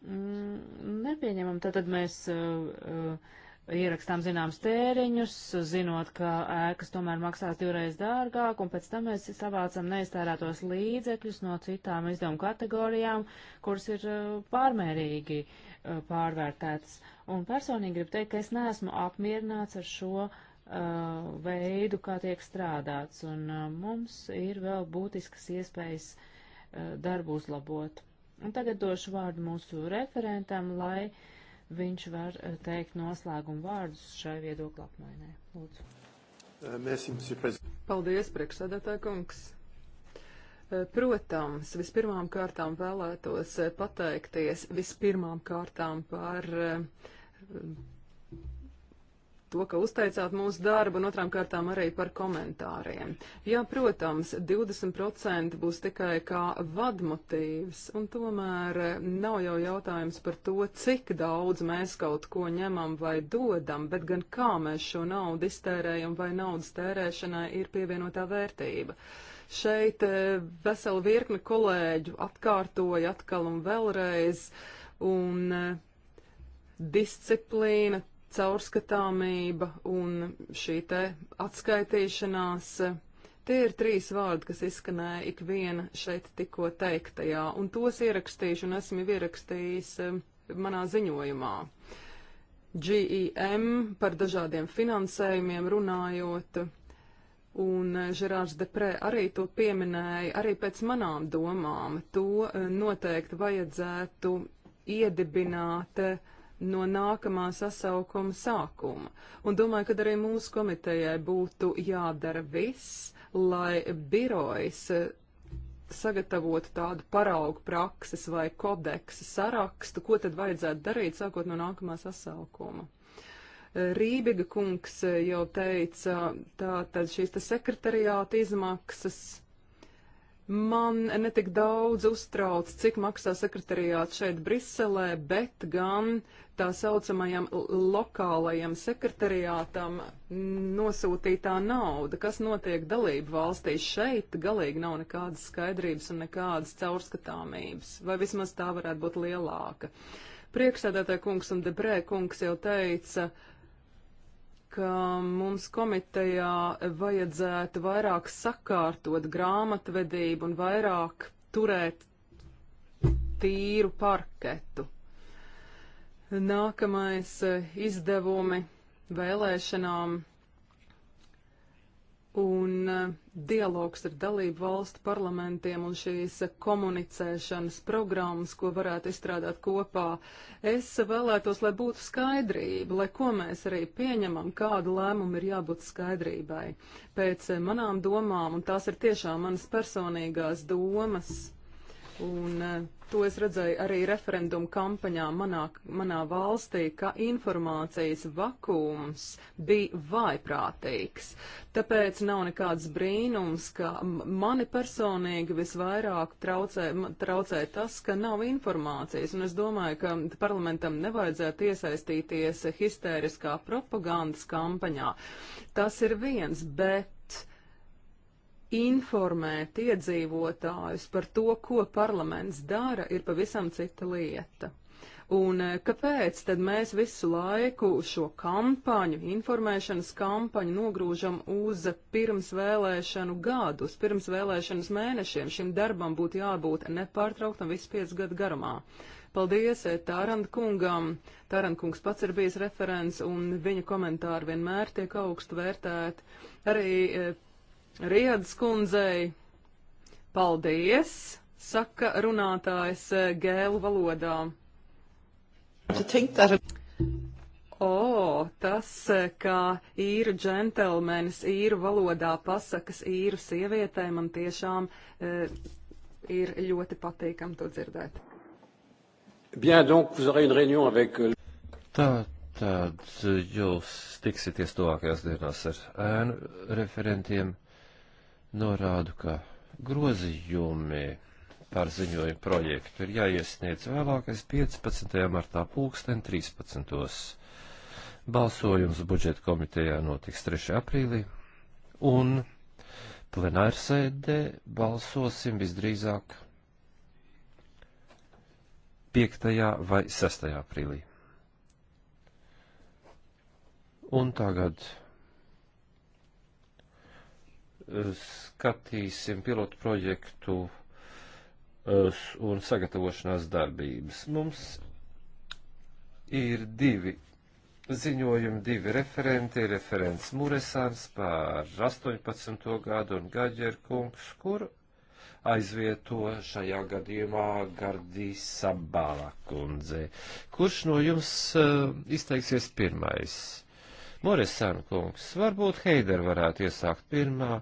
mm, nepieņemam. Tātad mēs uh, uh, ierakstām zināms tēriņus, zinot, ka ēkas tomēr maksās divreiz dārgāk, un pēc tam mēs savācam neiztērētos līdzekļus no citām izdevumu kategorijām, kuras ir uh, pārmērīgi uh, pārvērtētas. Un personīgi gribu teikt, ka es neesmu apmierināts ar šo uh, veidu, kā tiek strādāts, un uh, mums ir vēl būtiskas iespējas uh, darbu uzlabot. Un tagad došu vārdu mūsu referentam, lai uh, viņš var eh, teikt noslēgumu vārdus šai viedokļa apmaiņai. Lūdzu. Mēs jums ir pēc. Paldies, priekšsēdētāj kungs. Eh, protams, vispirmām kārtām vēlētos eh, pateikties vispirmām kārtām par to, ka uzteicāt mūsu darbu, un otrām kārtām arī par komentāriem. Jā, protams, 20% būs tikai kā vadmotīvs, un tomēr nav jau jautājums par to, cik daudz mēs kaut ko ņemam vai dodam, bet gan kā mēs šo naudu iztērējam vai naudas tērēšanai ir pievienotā vērtība. Šeit e, vesela virkne kolēģu atkārtoja atkal un vēlreiz, un e, disciplīna, caurskatāmība un šī te atskaitīšanās. Tie ir trīs vārdi, kas izskanēja ikviena šeit tikko teiktajā, un tos ierakstīšu un esmu ierakstījis eh, manā ziņojumā. GEM par dažādiem finansējumiem runājot, un Žerārs Deprē arī to pieminēja, arī pēc manām domām to eh, noteikti vajadzētu iedibināt uh, no nākamā sasaukuma sākuma. Un domāju, ka arī mūsu komitejai būtu jādara viss, lai birojas eh, sagatavotu tādu paraugu prakses vai kodeksu sarakstu, ko tad vajadzētu darīt sākot no nākamā sasaukuma. Eh, Rībiga kungs eh, jau teica, tā tad šīs te sekretariāta izmaksas Man netik daudz uztrauc, cik maksā sekretariāts šeit Briselē, bet gan tā saucamajam lokālajam sekretariātam nosūtītā nauda, kas notiek dalību valstīs šeit, galīgi nav nekādas skaidrības un nekādas caurskatāmības, vai vismaz tā varētu būt lielāka. Priekšsēdētāja kungs un Debrē kungs jau teica, uh, ka mums komitejā vajadzētu vairāk sakārtot grāmatvedību un vairāk turēt tīru parketu. Nākamais eh, izdevumi vēlēšanām un eh, dialogs ar dalību valstu parlamentiem un šīs komunicēšanas programmas, ko varētu izstrādāt kopā. Es vēlētos, lai būtu skaidrība, lai ko mēs arī pieņemam, kādu lēmumu ir jābūt skaidrībai. Pēc eh, manām domām, un tās ir tiešām manas personīgās domas, Un eh, to es redzēju arī referendumu kampaņā manā, manā valstī, ka informācijas vakums bija vaiprātīgs. Tāpēc nav nekāds brīnums, ka mani personīgi visvairāk traucē, traucē tas, ka nav informācijas. Un es domāju, ka parlamentam nevajadzētu iesaistīties histēriskā propagandas kampaņā. Tas ir viens, bet informēt iedzīvotājus par to, ko parlaments dara, ir pavisam cita lieta. Un e, kāpēc tad mēs visu laiku šo kampaņu, informēšanas kampaņu nogrūžam uz pirmsvēlēšanu gadu, uz pirmsvēlēšanas mēnešiem? Šim darbam būtu jābūt nepārtrauktam visu piecu gadu garumā. Paldies e, Tāranda kungam. Tāranda kungs pats ir bijis referents un viņa komentāri vienmēr tiek augstu vērtēti. Arī e, Riedas kundzei. Paldies, saka runātājs eh, gēlu valodā. O, tas, eh, kā īru džentelmenis īru valodā pasakas īru sievietē, man tiešām e, ir ļoti patīkam to dzirdēt. Bien, donc, vous aurez une réunion avec... Euh, Tā, tad jūs tiksieties tuvākajās dienās ar ēnu referentiem norādu, ka grozījumi par ziņojumu projektu ir jāiesniedz vēlākais 15. martā pulksten 13. Balsojums budžeta komitejā notiks 3. aprīlī, un plenārsēdē balsosim visdrīzāk 5. vai 6. aprīlī. Un tagad skatīsim pilotu projektu un sagatavošanās darbības. Mums ir divi ziņojumi, divi referenti, referents Muresans pār 18. gadu un Gaģerkungs, kur aizvieto šajā gadījumā Gardīs Sabāla kundze. Kurš no jums uh, izteiksies pirmais? Muresan kungs, varbūt Heider varētu iesākt pirmā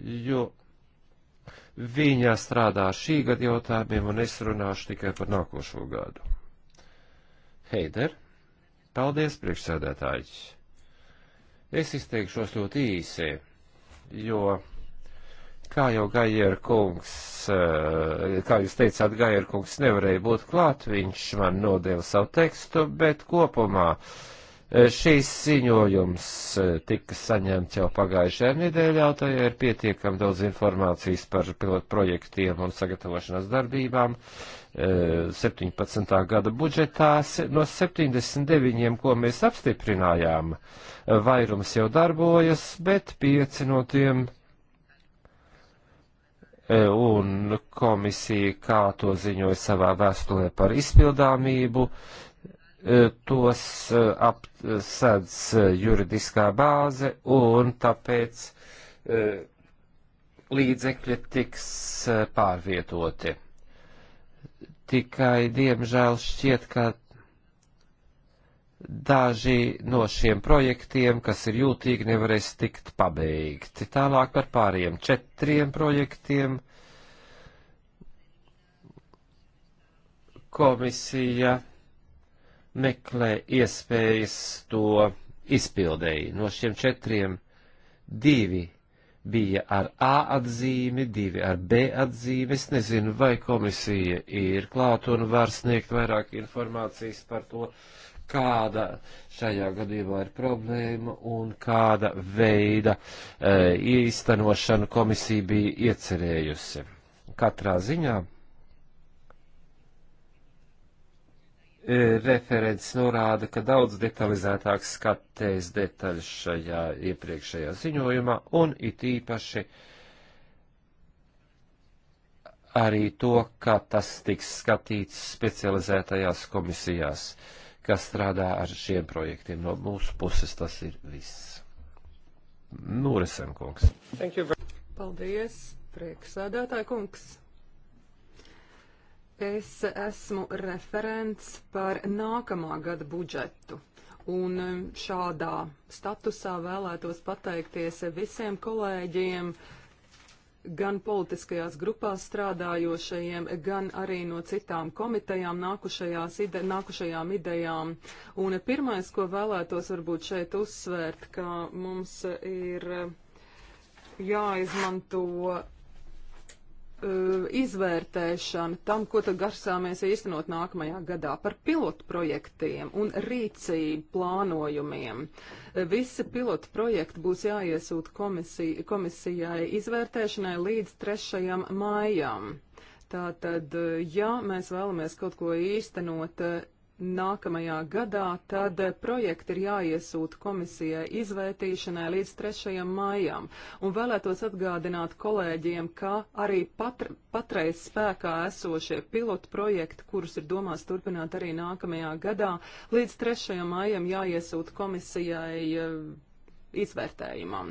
jo viņa strādā ar šī gada jautājumiem, un es runāšu tikai par nākošo gadu. Heider, paldies priekšsēdētājs. Es izteikšos ļoti īsi, jo, kā jau Gajer kungs, eh, kā jūs teicāt, Gajer kungs nevarēja būt klāt, viņš man nodeva savu tekstu, bet kopumā uh, Eh, šīs ziņojums eh, tika saņemts jau pagājušajā nedēļā, tajā ir pietiekami daudz informācijas par pilotu projektiem un sagatavošanās darbībām. 17. Eh, gada budžetā no 79, ko mēs apstiprinājām, vairums jau darbojas, bet pieci no tiem un komisija, kā to ziņoja savā vēstulē par izpildāmību, tos eh, apsēdz eh, juridiskā bāze un tāpēc eh, līdzekļi tiks pārvietoti. Tikai, diemžēl, šķiet, ka daži no šiem projektiem, kas ir jūtīgi, nevarēs tikt pabeigti. Tālāk par pāriem četriem projektiem komisija meklē iespējas to izpildēji. No šiem četriem divi bija ar A atzīmi, divi ar B atzīmi. Es nezinu, vai komisija ir klāt un var sniegt vairāk informācijas par to, kāda šajā gadījumā ir problēma un kāda veida e, īstenošanu komisija bija iecerējusi. Katrā ziņā E, referents norāda, ka daudz detalizētāk skatēs detaļas šajā iepriekšējā ziņojumā, un it īpaši arī to, ka tas tiks skatīts specializētajās komisijās, kas strādā ar šiem projektiem. No mūsu puses tas ir viss. Nūresen kungs. Paldies, prieksēdētāji kungs. Es esmu referents par nākamā gada budžetu. Un um, šādā statusā vēlētos pateikties visiem kolēģiem, gan politiskajās grupās strādājošajiem, gan arī no citām komitejām ide nākušajām idejām. Un pirmais, ko vēlētos varbūt šeit uzsvērt, ka mums ir jāizmanto Uh, izvērtēšana tam, ko tad garsāmies īstenot nākamajā gadā par pilotu projektiem un rīcību plānojumiem. Uh, visi pilotu projekti būs jāiesūt komisij, komisijai izvērtēšanai līdz 3. maijam. Tātad, uh, ja mēs vēlamies kaut ko īstenot nākamajā gadā, tad projekti ir jāiesūta komisijai izvērtīšanai līdz 3. maijam. Un vēlētos atgādināt kolēģiem, ka arī patr patreiz spēkā esošie pilotu projekti, kurus ir domās turpināt arī nākamajā gadā, līdz 3. maijam jāiesūta komisijai eh, izvērtējumam.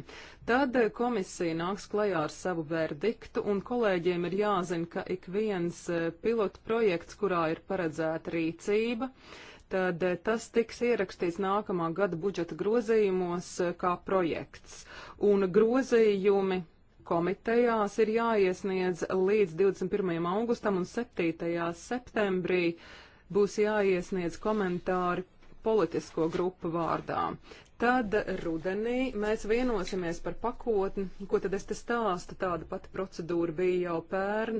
Tad komisija nāks klajā ar savu verdiktu, un kolēģiem ir jāzina, ka ik viens e, pilotu projekts, kurā ir paredzēta rīcība, tad e, tas tiks ierakstīts nākamā gada budžeta grozījumos e, kā projekts. Un grozījumi komitejās ir jāiesniedz līdz 21. augustam un 7. septembrī būs jāiesniedz komentāri politisko grupu vārdā. Tad rudenī mēs vienosimies par pakotni, ko tad es te stāstu, tāda pati procedūra bija jau pērn,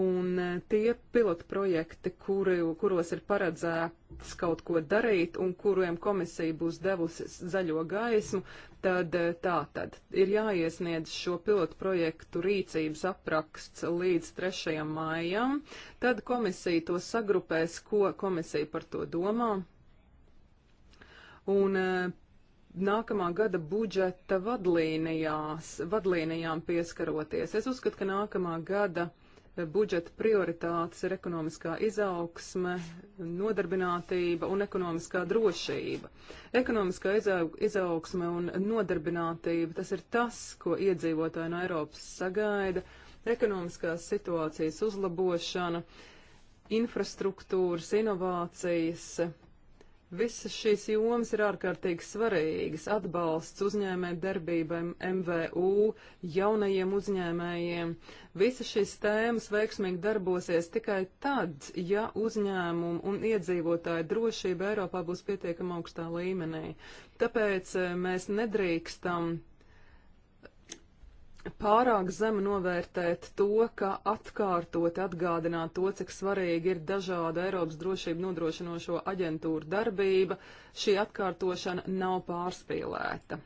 un e, tie pilotu projekti, kuri, kuros ir paredzēts kaut ko darīt un kuriem komisija būs devusi zaļo gaismu, tad e, tā tad ir jāiesniedz šo pilotu projektu rīcības apraksts līdz 3. maijam, tad komisija to sagrupēs, ko komisija par to domā. Un e, nākamā gada budžeta vadlīnijās, vadlīnijām pieskaroties. Es uzskatu, ka nākamā gada budžeta prioritātes ir ekonomiskā izaugsme, nodarbinātība un ekonomiskā drošība. Ekonomiskā izaug, izaugsme un nodarbinātība tas ir tas, ko iedzīvotāji no Eiropas sagaida, ekonomiskās situācijas uzlabošana, infrastruktūras, inovācijas, Visas šīs jomas ir ārkārtīgi svarīgas - atbalsts uzņēmēm darbībām, MVU, jaunajiem uzņēmējiem. Visas šīs tēmas veiksmīgi darbosies tikai tad, ja uzņēmumu un iedzīvotāju drošība Eiropā būs pietiekama augstā līmenī. Tāpēc eh, mēs nedrīkstam pārāk zemu novērtēt to, ka atkārtot atgādināt to, cik svarīgi ir dažāda Eiropas drošību nodrošinošo aģentūru darbība, šī atkārtošana nav pārspīlēta.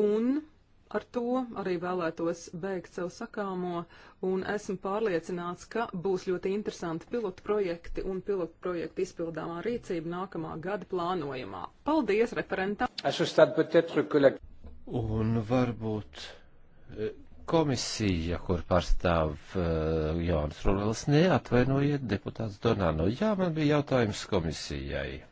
Un ar to arī vēlētos beigt savu sakāmo, un esmu pārliecināts, ka būs ļoti interesanti pilotu projekti un pilotu projektu izpildāmā rīcība nākamā gada plānojumā. Paldies referentam! Un varbūt eh, komisija, kur pārstāv uh, eh, Jānis Rulēls, neatvainojiet deputāts Donāno. Jā, man bija jautājums komisijai.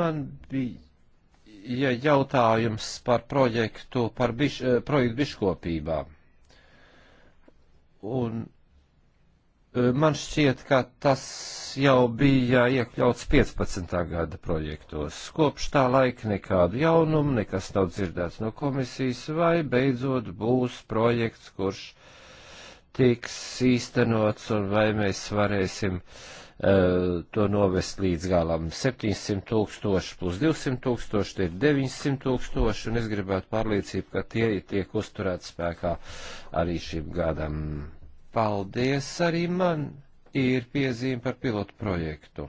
Man bija jautājums par projektu, par biš, eh, projektu biškopībām. Un Eh, man šķiet, ka tas jau bija iekļauts 15. gada projektos. Kopš tā laika nekādu jaunumu, nekas nav dzirdēts no komisijas, vai beidzot būs projekts, kurš tiks īstenots un vai mēs varēsim uh, to novest līdz galam. 700 tūkstoši plus 200 tūkstoši, tie ir 900 tūkstoši, un es gribētu pārliecību, ka tie tiek uzturēt spēkā arī šim gadam. Paldies, arī man ir piezīme par pilotu projektu.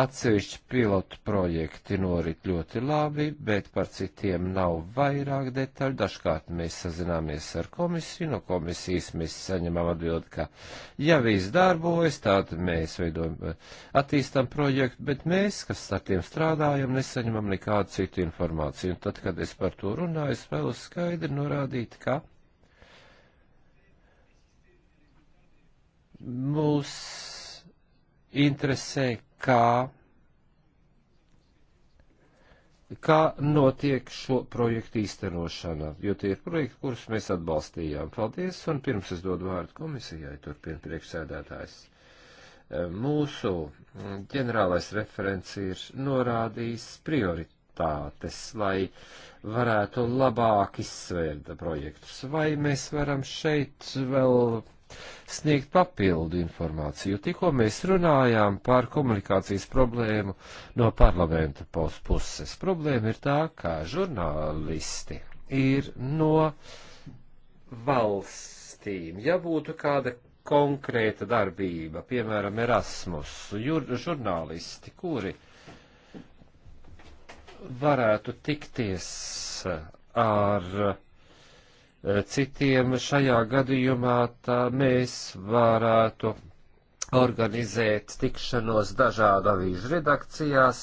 Atsevišķi pilotu projekti norit ļoti labi, bet par citiem nav vairāk detaļu. Dažkārt mēs sazināmies ar komisiju, no komisijas mēs saņemam atbildi, ka ja viss darbojas, tad mēs veidojam, attīstam projektu, bet mēs, kas ar tiem strādājam, nesaņemam nekādu citu informāciju. Un tad, kad es par to runāju, es vēlos skaidri norādīt, ka Mūs interesē, kā, kā notiek šo projektu īstenošana, jo tie ir projekti, kurus mēs atbalstījām. Paldies, un pirms es dodu vārdu komisijai, turpina priekšsēdētājs. Mūsu ģenerālais referents ir norādījis prioritātes, lai varētu labāk izsvērt projektus. Vai mēs varam šeit vēl sniegt papildu informāciju. Tikko mēs runājām par komunikācijas problēmu no parlamenta puses. Problēma ir tā, ka žurnālisti ir no valstīm. Ja būtu kāda konkrēta darbība, piemēram, Erasmus, jur, žurnālisti, kuri varētu tikties ar Eh, citiem. Šajā gadījumā tā mēs varētu organizēt tikšanos dažādu avīžu redakcijās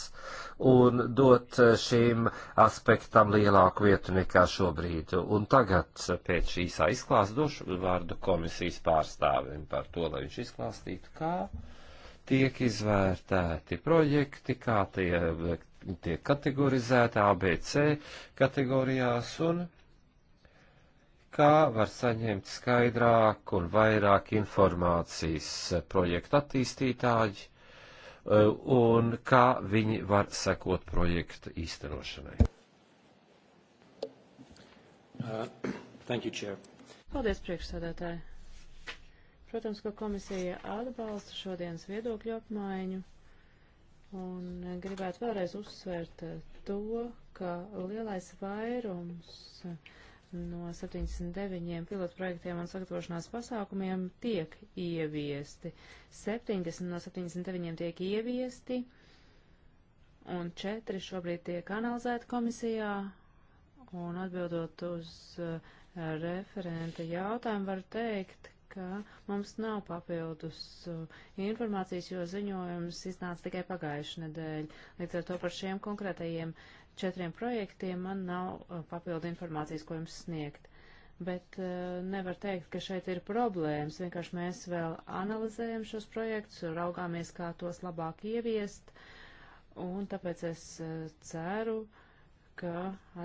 un dot eh, šīm aspektam lielāku vietu nekā šobrīd. Un tagad eh, pēc šīs aizklās došu vārdu komisijas pārstāvim par to, lai viņš izklāstītu, kā tiek izvērtēti projekti, kā tie tiek kategorizēti ABC kategorijās un kā var saņemt skaidrāk un vairāk informācijas projektu attīstītāji eh, un kā viņi var sekot projektu īstenošanai. Uh, thank you, Chair. Paldies, priekšsādātāji. Protams, ka komisija atbalsta šodienas viedokļu apmaiņu un gribētu vēlreiz uzsvērt eh, to, ka lielais vairums uh, no 79 pilotprojektiem un sagatavošanās pasākumiem tiek ieviesti. 70 no 79 tiek ieviesti, un 4 šobrīd tiek analizēti komisijā, un atbildot uz uh, referenta jautājumu, var teikt, ka mums nav papildus eh, informācijas, jo ziņojums iznāca tikai pagājušajā nedēļā. Līdz ar to par šiem konkrētajiem četriem projektiem man nav uh, papildu informācijas, ko jums sniegt. Bet uh, nevar teikt, ka šeit ir problēmas. Vienkārši mēs vēl analizējam šos projektus, raugāmies, kā tos labāk ieviest. Un tāpēc es uh, ceru, ka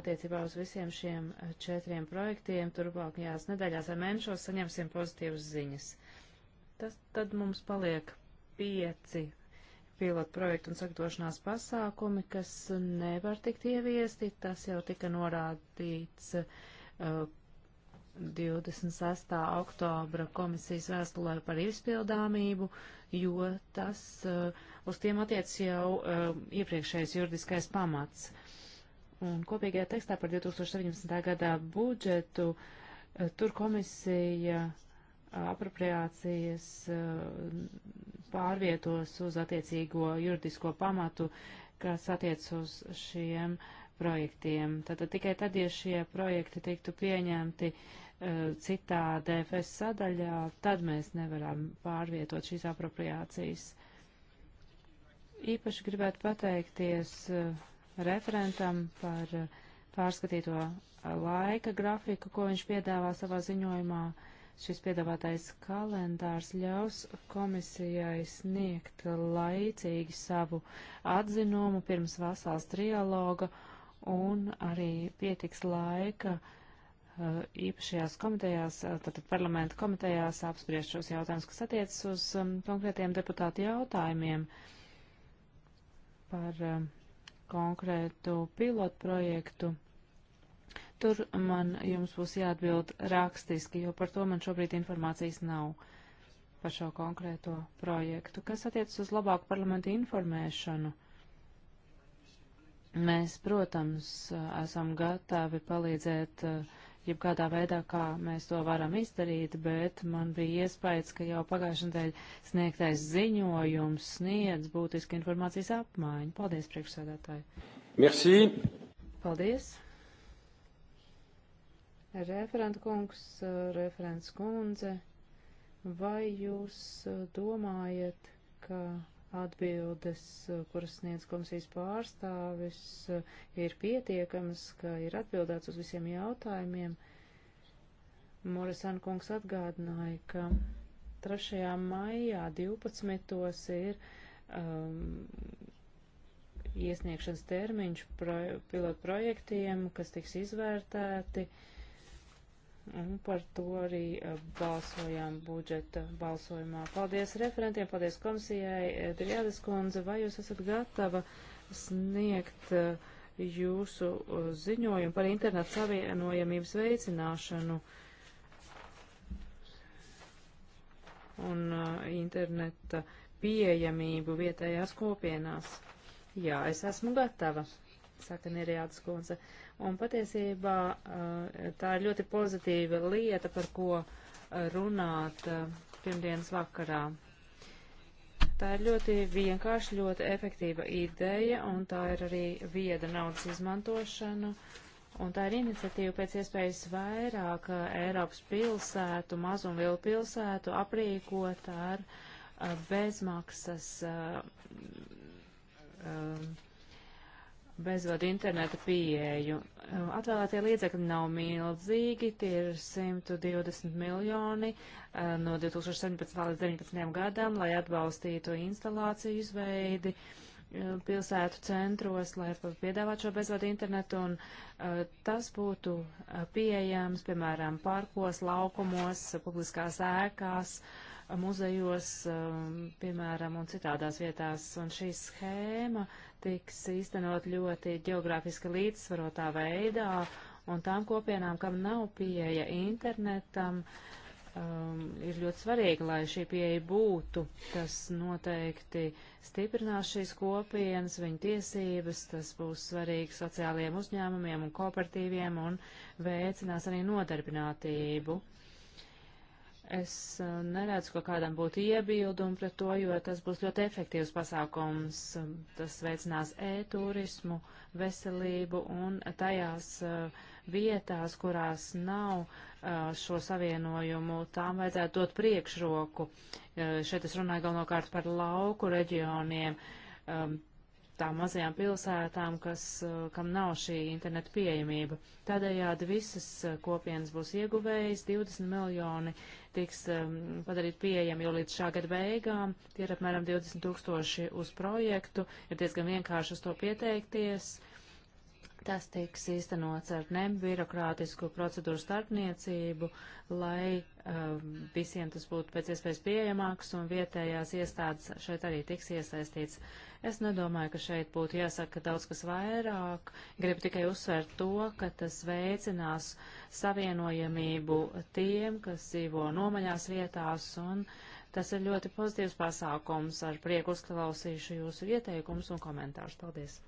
attiecībā uz visiem šiem četriem projektiem turpākajās nedēļās vai mēnešos saņemsim pozitīvas ziņas. Tas tad mums paliek pieci pilotu projektu un sagatavošanās pasākumi, kas nevar tikt ieviesti. Tas jau tika norādīts uh, 26. oktobra komisijas vēstulē par izpildāmību, jo tas uh, uz tiem attiec jau uh, iepriekšējais juridiskais pamats. Un kopīgajā tekstā par 2017. gadā budžetu uh, tur komisija uh, apropriācijas uh, pārvietos uz attiecīgo juridisko pamatu, kas attiec uz šiem projektiem. Tātad tikai tad, ja šie projekti tiktu pieņemti uh, citā DFS sadaļā, tad mēs nevaram pārvietot šīs apropriācijas. Īpaši gribētu pateikties uh, referentam par uh, pārskatīto laika grafiku, ko viņš piedāvā savā ziņojumā. Uh, Šis piedāvātais kalendārs ļaus komisijai sniegt laicīgi savu atzinumu pirms vasāls trialoga un arī pietiks laika uh, īpašajās komitejās, uh, tātad parlamenta komitejās apspriest šos jautājumus, kas attiecas uz um, konkrētiem deputātu jautājumiem par um, konkrētu pilotu projektu Tur man jums būs jāatbild rakstiski, jo par to man šobrīd informācijas nav par šo konkrēto projektu. Kas attiecas uz labāku parlamentu informēšanu? Mēs, protams, esam gatavi palīdzēt eh, jebkādā veidā, kā mēs to varam izdarīt, bet man bija iespējas, ka jau pagājušajā nedēļā sniegtais ziņojums sniedz būtiski informācijas apmaiņu. Paldies, priekšsēdētāji! Merci! Paldies! referenta kungs, referents kundze, vai jūs eh, domājat, ka atbildes, eh, kuras sniedz komisijas pārstāvis, eh, ir pietiekamas, ka ir atbildēts uz visiem jautājumiem? Morisan kungs atgādināja, ka 3. maijā 12. ir um, iesniegšanas termiņš pro, pilotu projektiem, kas tiks izvērtēti. Uh, Un par to arī e, balsojām budžeta balsojumā. Paldies referentiem, paldies komisijai. Driādes kundze, vai jūs esat gatava sniegt e, jūsu e, ziņojumu par internetu savienojamības veicināšanu un interneta pieejamību vietējās kopienās? Jā, es esmu gatava, saka Neriādes kundze. Uh, Un patiesībā eh, tā ir ļoti pozitīva lieta, par ko eh, runāt eh, pirmdienas vakarā. Tā ir ļoti vienkārši, ļoti efektīva ideja, un tā ir arī vieda naudas izmantošana. Un tā ir iniciatīva pēc iespējas vairāk Eiropas pilsētu, mazu un lielu pilsētu aprīkot ar bezmaksas um, bezvadu interneta pieeju. Atvēlētie līdzekļi nav milzīgi, tie ir 120 miljoni eh, no 2017. līdz 2019. gadam, lai atbalstītu instalāciju izveidi eh, pilsētu centros, lai piedāvātu šo bezvadu internetu, un uh, tas būtu pieejams, piemēram, parkos, laukumos, publiskās ēkās, muzejos, um, piemēram, un citādās vietās. Un šī schēma tiks īstenot ļoti geogrāfiski līdzsvarotā veidā, un tām kopienām, kam nav pieeja internetam, um, ir ļoti svarīgi, lai šī pieeja būtu. Tas noteikti stiprinās šīs kopienas, viņu tiesības, tas būs svarīgi sociālajiem uzņēmumiem un kooperatīviem un veicinās arī nodarbinātību. Es eh, neredzu, ka kādam būtu iebildumi pret to, jo tas būs ļoti efektīvs pasākums. Tas veicinās e-turismu, veselību un tajās eh, vietās, kurās nav eh, šo savienojumu, tām vajadzētu dot priekšroku. Šeit es runāju galvenokārt par lauku reģioniem tām mazajām pilsētām, kas, eh, kam nav šī interneta pieejamība. Tādējādi visas eh, kopienas būs ieguvējas, 20 miljoni tiks ehm, padarīt pieejami jau līdz šā gada beigām, tie ir apmēram 20 tūkstoši uz projektu, ir diezgan vienkārši uz to pieteikties. Uh, Tas tiks īstenots ar nebirokrātisku procedūru starpniecību, lai uh, visiem tas būtu pēc iespējas pieejamāks un vietējās iestādes šeit arī tiks iesaistīts. Es nedomāju, ka šeit būtu jāsaka daudz kas vairāk. Gribu tikai uzsvērt to, ka tas veicinās savienojamību tiem, kas dzīvo nomaļās vietās un tas ir ļoti pozitīvs pasākums. Ar prieku uzklausīšu jūsu ieteikumus un komentārus. Paldies!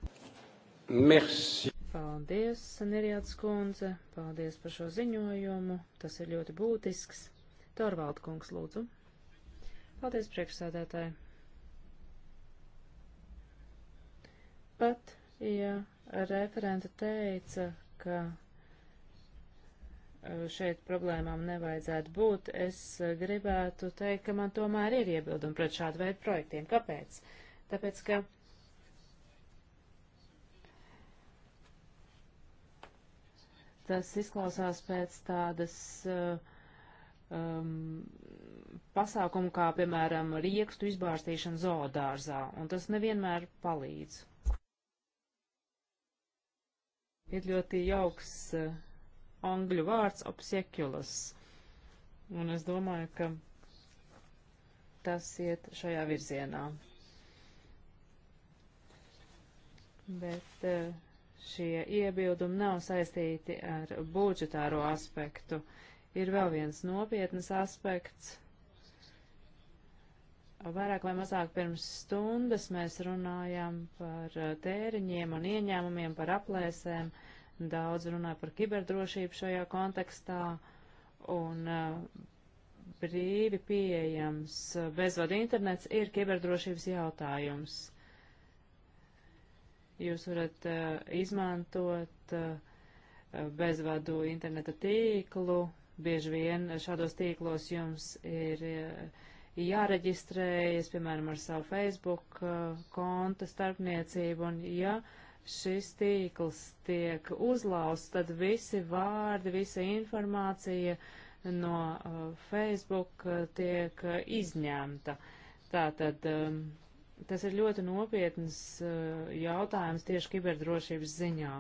Merci. Paldies, Nirjāts kundze, paldies par šo ziņojumu, tas ir ļoti būtisks. Torvald kungs, lūdzu. Paldies, priekšsādētāji. Pat, ja referenta teica, ka e, šeit problēmām nevajadzētu būt, es gribētu teikt, ka man tomēr ir iebildumi pret šādu veidu projektiem. Kāpēc? Tāpēc, ka tas izklausās pēc tādas eh, um, pasākumu kā, piemēram, riekstu izbārstīšana zoodārzā, un tas nevienmēr palīdz. Ir ļoti jauks uh, angļu vārds obsekulas, un es domāju, ka tas iet šajā virzienā. Bet uh, šie iebildumi nav saistīti ar budžetāro aspektu. Ir vēl viens nopietnas aspekts. Vairāk vai mazāk pirms stundas mēs runājām par uh, tēriņiem un ieņēmumiem, par aplēsēm. Daudz runāja par kiberdrošību šajā kontekstā un uh, brīvi pieejams uh, bezvada internets ir kiberdrošības jautājums jūs varat uh, izmantot uh, bezvadu interneta tīklu. Bieži vien šādos tīklos jums ir uh, jāreģistrējas, piemēram, ar savu Facebook uh, konta starpniecību, un ja šis tīkls tiek uzlausts, tad visi vārdi, visa informācija no uh, Facebook tiek izņemta. Tātad. Um, tas ir ļoti nopietns uh, jautājums tieši kiberdrošības ziņā,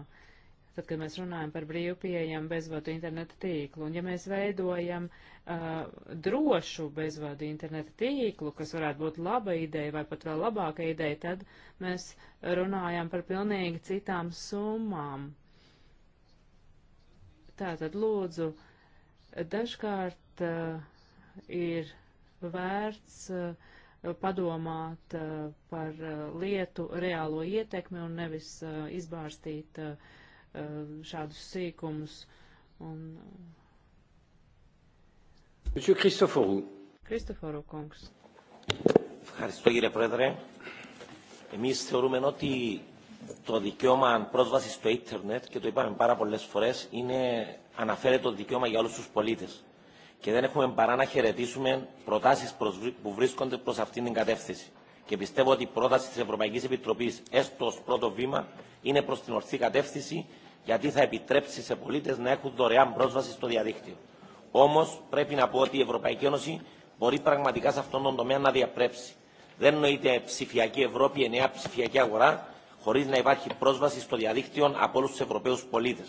tad, kad mēs runājam par brīvu pieejamu bezvadu interneta tīklu. Un ja mēs veidojam uh, drošu bezvadu interneta tīklu, kas varētu būt laba ideja vai pat vēl labāka ideja, tad mēs runājam par pilnīgi citām summām. Tātad lūdzu, dažkārt uh, ir vērts uh, padomāt eh, par eh, lietu reālo ietekmi un nevis eh, izbārstīt šādus sīkumus. Un... Monsieur Kristoforu. Kristoforu kungs. Ευχαριστώ κύριε Πρόεδρε. Εμείς θεωρούμε ότι το δικαίωμα πρόσβαση στο ίντερνετ και το είπαμε πάρα πολλές φορές είναι αναφέρεται το δικαίωμα για όλους τους πολίτες και δεν έχουμε παρά να χαιρετήσουμε προτάσεις που βρίσκονται προς αυτήν την κατεύθυνση. Και πιστεύω ότι η πρόταση της Ευρωπαϊκής Επιτροπής, έστω ως πρώτο βήμα, είναι προς την ορθή κατεύθυνση, γιατί θα επιτρέψει σε πολίτες να έχουν δωρεάν πρόσβαση στο διαδίκτυο. Όμως, πρέπει να πω ότι η Ευρωπαϊκή Ένωση μπορεί πραγματικά σε αυτόν τον τομέα να διαπρέψει. Δεν νοείται ψηφιακή Ευρώπη, ενιαία ψηφιακή αγορά, χωρί να υπάρχει πρόσβαση στο διαδίκτυο από όλου του Ευρωπαίου πολίτε.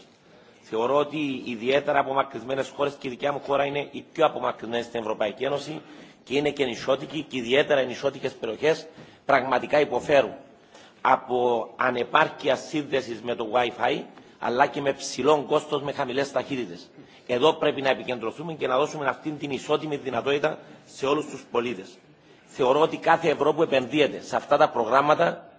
Θεωρώ ότι ιδιαίτερα απομακρυσμένε χώρε και η δικιά μου χώρα είναι οι πιο απομακρυσμένε στην Ευρωπαϊκή Ένωση και είναι και νησιώτικοι και ιδιαίτερα οι νησιώτικε περιοχέ πραγματικά υποφέρουν από ανεπάρκεια σύνδεση με το Wi-Fi αλλά και με ψηλό κόστο με χαμηλέ ταχύτητε. Εδώ πρέπει να επικεντρωθούμε και να δώσουμε αυτή την ισότιμη δυνατότητα σε όλου του πολίτε. Θεωρώ ότι κάθε ευρώ που επενδύεται σε αυτά τα προγράμματα,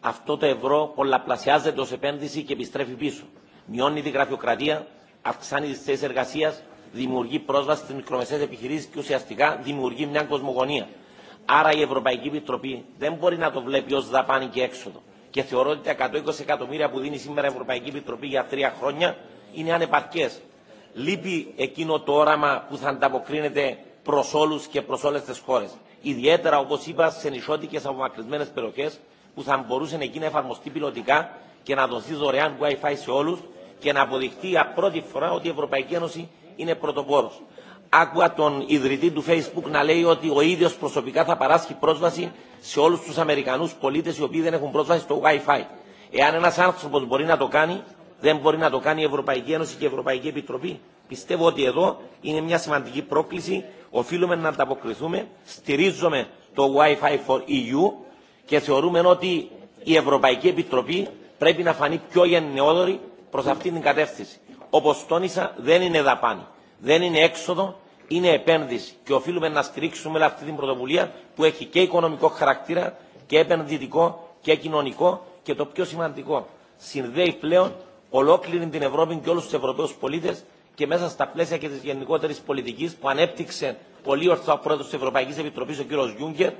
αυτό το ευρώ πολλαπλασιάζεται ω επένδυση και επιστρέφει πίσω μειώνει τη γραφειοκρατία, αυξάνει τι θέσει εργασία, δημιουργεί πρόσβαση στι μικρομεσαίε επιχειρήσει και ουσιαστικά δημιουργεί μια κοσμογονία. Άρα η Ευρωπαϊκή Επιτροπή δεν μπορεί να το βλέπει ω δαπάνη και έξοδο. Και θεωρώ ότι τα 120 εκατομμύρια που δίνει σήμερα η Ευρωπαϊκή Επιτροπή για τρία χρόνια είναι ανεπαρκέ. Λείπει εκείνο το όραμα που θα ανταποκρίνεται προ όλου και προ όλε τι χώρε. Ιδιαίτερα, όπω είπα, σε νησιώτικε απομακρυσμένε περιοχέ που θα μπορούσε εκεί να εφαρμοστεί πιλωτικά και να δοθεί δωρεάν WiFi σε όλου και να αποδειχτεί για πρώτη φορά ότι η Ευρωπαϊκή Ένωση είναι πρωτοπόρος. Άκουα τον ιδρυτή του Facebook να λέει ότι ο ίδιος προσωπικά θα παράσχει πρόσβαση σε όλους τους Αμερικανούς πολίτες οι οποίοι δεν έχουν πρόσβαση στο Wi-Fi. Εάν ένας άνθρωπος μπορεί να το κάνει, δεν μπορεί να το κάνει η Ευρωπαϊκή Ένωση και η Ευρωπαϊκή Επιτροπή. Πιστεύω ότι εδώ είναι μια σημαντική πρόκληση, οφείλουμε να ανταποκριθούμε, στηρίζουμε το Wi-Fi for EU και θεωρούμε ότι η Ευρωπαϊκή Επιτροπή πρέπει να φανεί πιο γενναιόδορη προς αυτήν την κατεύθυνση. Όπως τόνισα, δεν είναι δαπάνη, δεν είναι έξοδο, είναι επένδυση και οφείλουμε να στηρίξουμε αυτή την πρωτοβουλία που έχει και οικονομικό χαρακτήρα και επενδυτικό και κοινωνικό και το πιο σημαντικό, συνδέει πλέον ολόκληρη την Ευρώπη και όλους τους Ευρωπαίους πολίτες και μέσα στα πλαίσια και της γενικότερης πολιτικής που ανέπτυξε πολύ ορθά ο πρόεδρος της Ευρωπαϊκής Επιτροπής, ο κ. Γιούγκερ,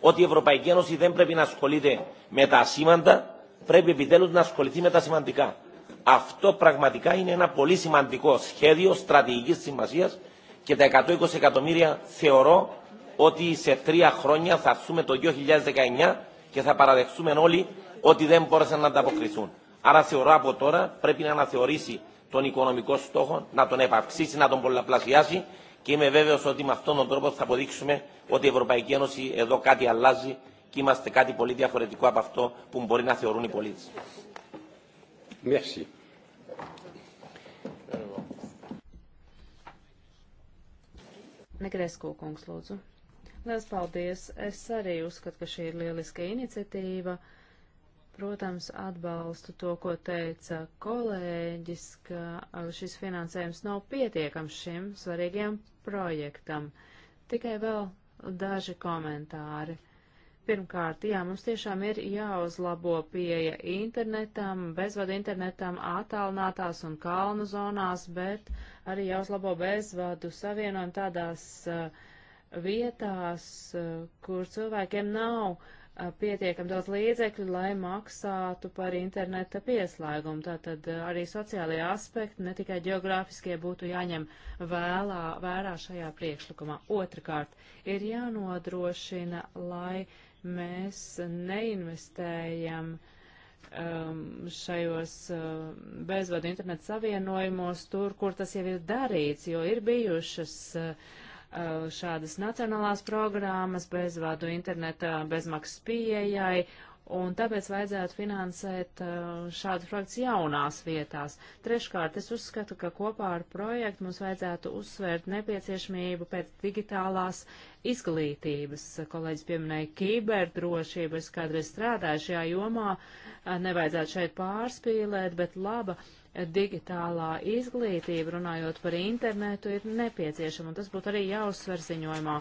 ότι η Ευρωπαϊκή Ένωση δεν πρέπει να ασχολείται με τα ασήμαντα, πρέπει επιτέλους να ασχοληθεί με τα σημαντικά. Αυτό πραγματικά είναι ένα πολύ σημαντικό σχέδιο στρατηγικής σημασίας και τα 120 εκατομμύρια θεωρώ ότι σε τρία χρόνια θα αρθούμε το 2019 και θα παραδεχτούμε όλοι ότι δεν μπόρεσαν να ανταποκριθούν. Άρα θεωρώ από τώρα πρέπει να αναθεωρήσει τον οικονομικό στόχο, να τον επαυξήσει, να τον πολλαπλασιάσει και είμαι βέβαιος ότι με αυτόν τον τρόπο θα αποδείξουμε ότι η Ευρωπαϊκή Ένωση εδώ κάτι αλλάζει και είμαστε κάτι πολύ διαφορετικό από αυτό που μπορεί να θεωρούν οι πολίτες. Merci. Negresko kungs, lūdzu. Liels paldies! Es arī uzskatu, ka šī ir lieliska iniciatīva. Protams, atbalstu to, ko teica kolēģis, ka šis finansējums nav pietiekams šim svarīgajam projektam. Tikai vēl daži komentāri. Uh, Pirmkārt, jā, mums tiešām ir jāuzlabo pieeja internetam, bezvadu internetam, attālinātās un kalnu zonās, bet arī jāuzlabo bezvadu savienojumu tādās uh, vietās, uh, kur cilvēkiem nav uh, pietiekam daudz līdzekļu, lai maksātu par interneta pieslēgumu. Tātad uh, arī sociālajie aspekti, ne tikai geogrāfiskie, būtu jāņem vēlā, vērā šajā priekšlikumā. Otrakārt, ir jānodrošina, lai mēs neinvestējam um, šajos uh, bezvadu internetu savienojumos tur, kur tas jau ir darīts, jo ir bijušas uh, uh šādas nacionālās programmas bezvadu internetā bezmaksas pieejai, un tāpēc vajadzētu finansēt uh, šādu projektu jaunās vietās. Treškārt, es uzskatu, ka kopā ar projektu mums vajadzētu uzsvērt nepieciešamību pēc digitālās izglītības. Kolēģis pieminēja kiberdrošību, es kādreiz strādāju šajā jomā, uh, nevajadzētu šeit pārspīlēt, bet laba digitālā izglītība, runājot par internetu, ir nepieciešama, un tas būtu arī jāuzsver ziņojumā.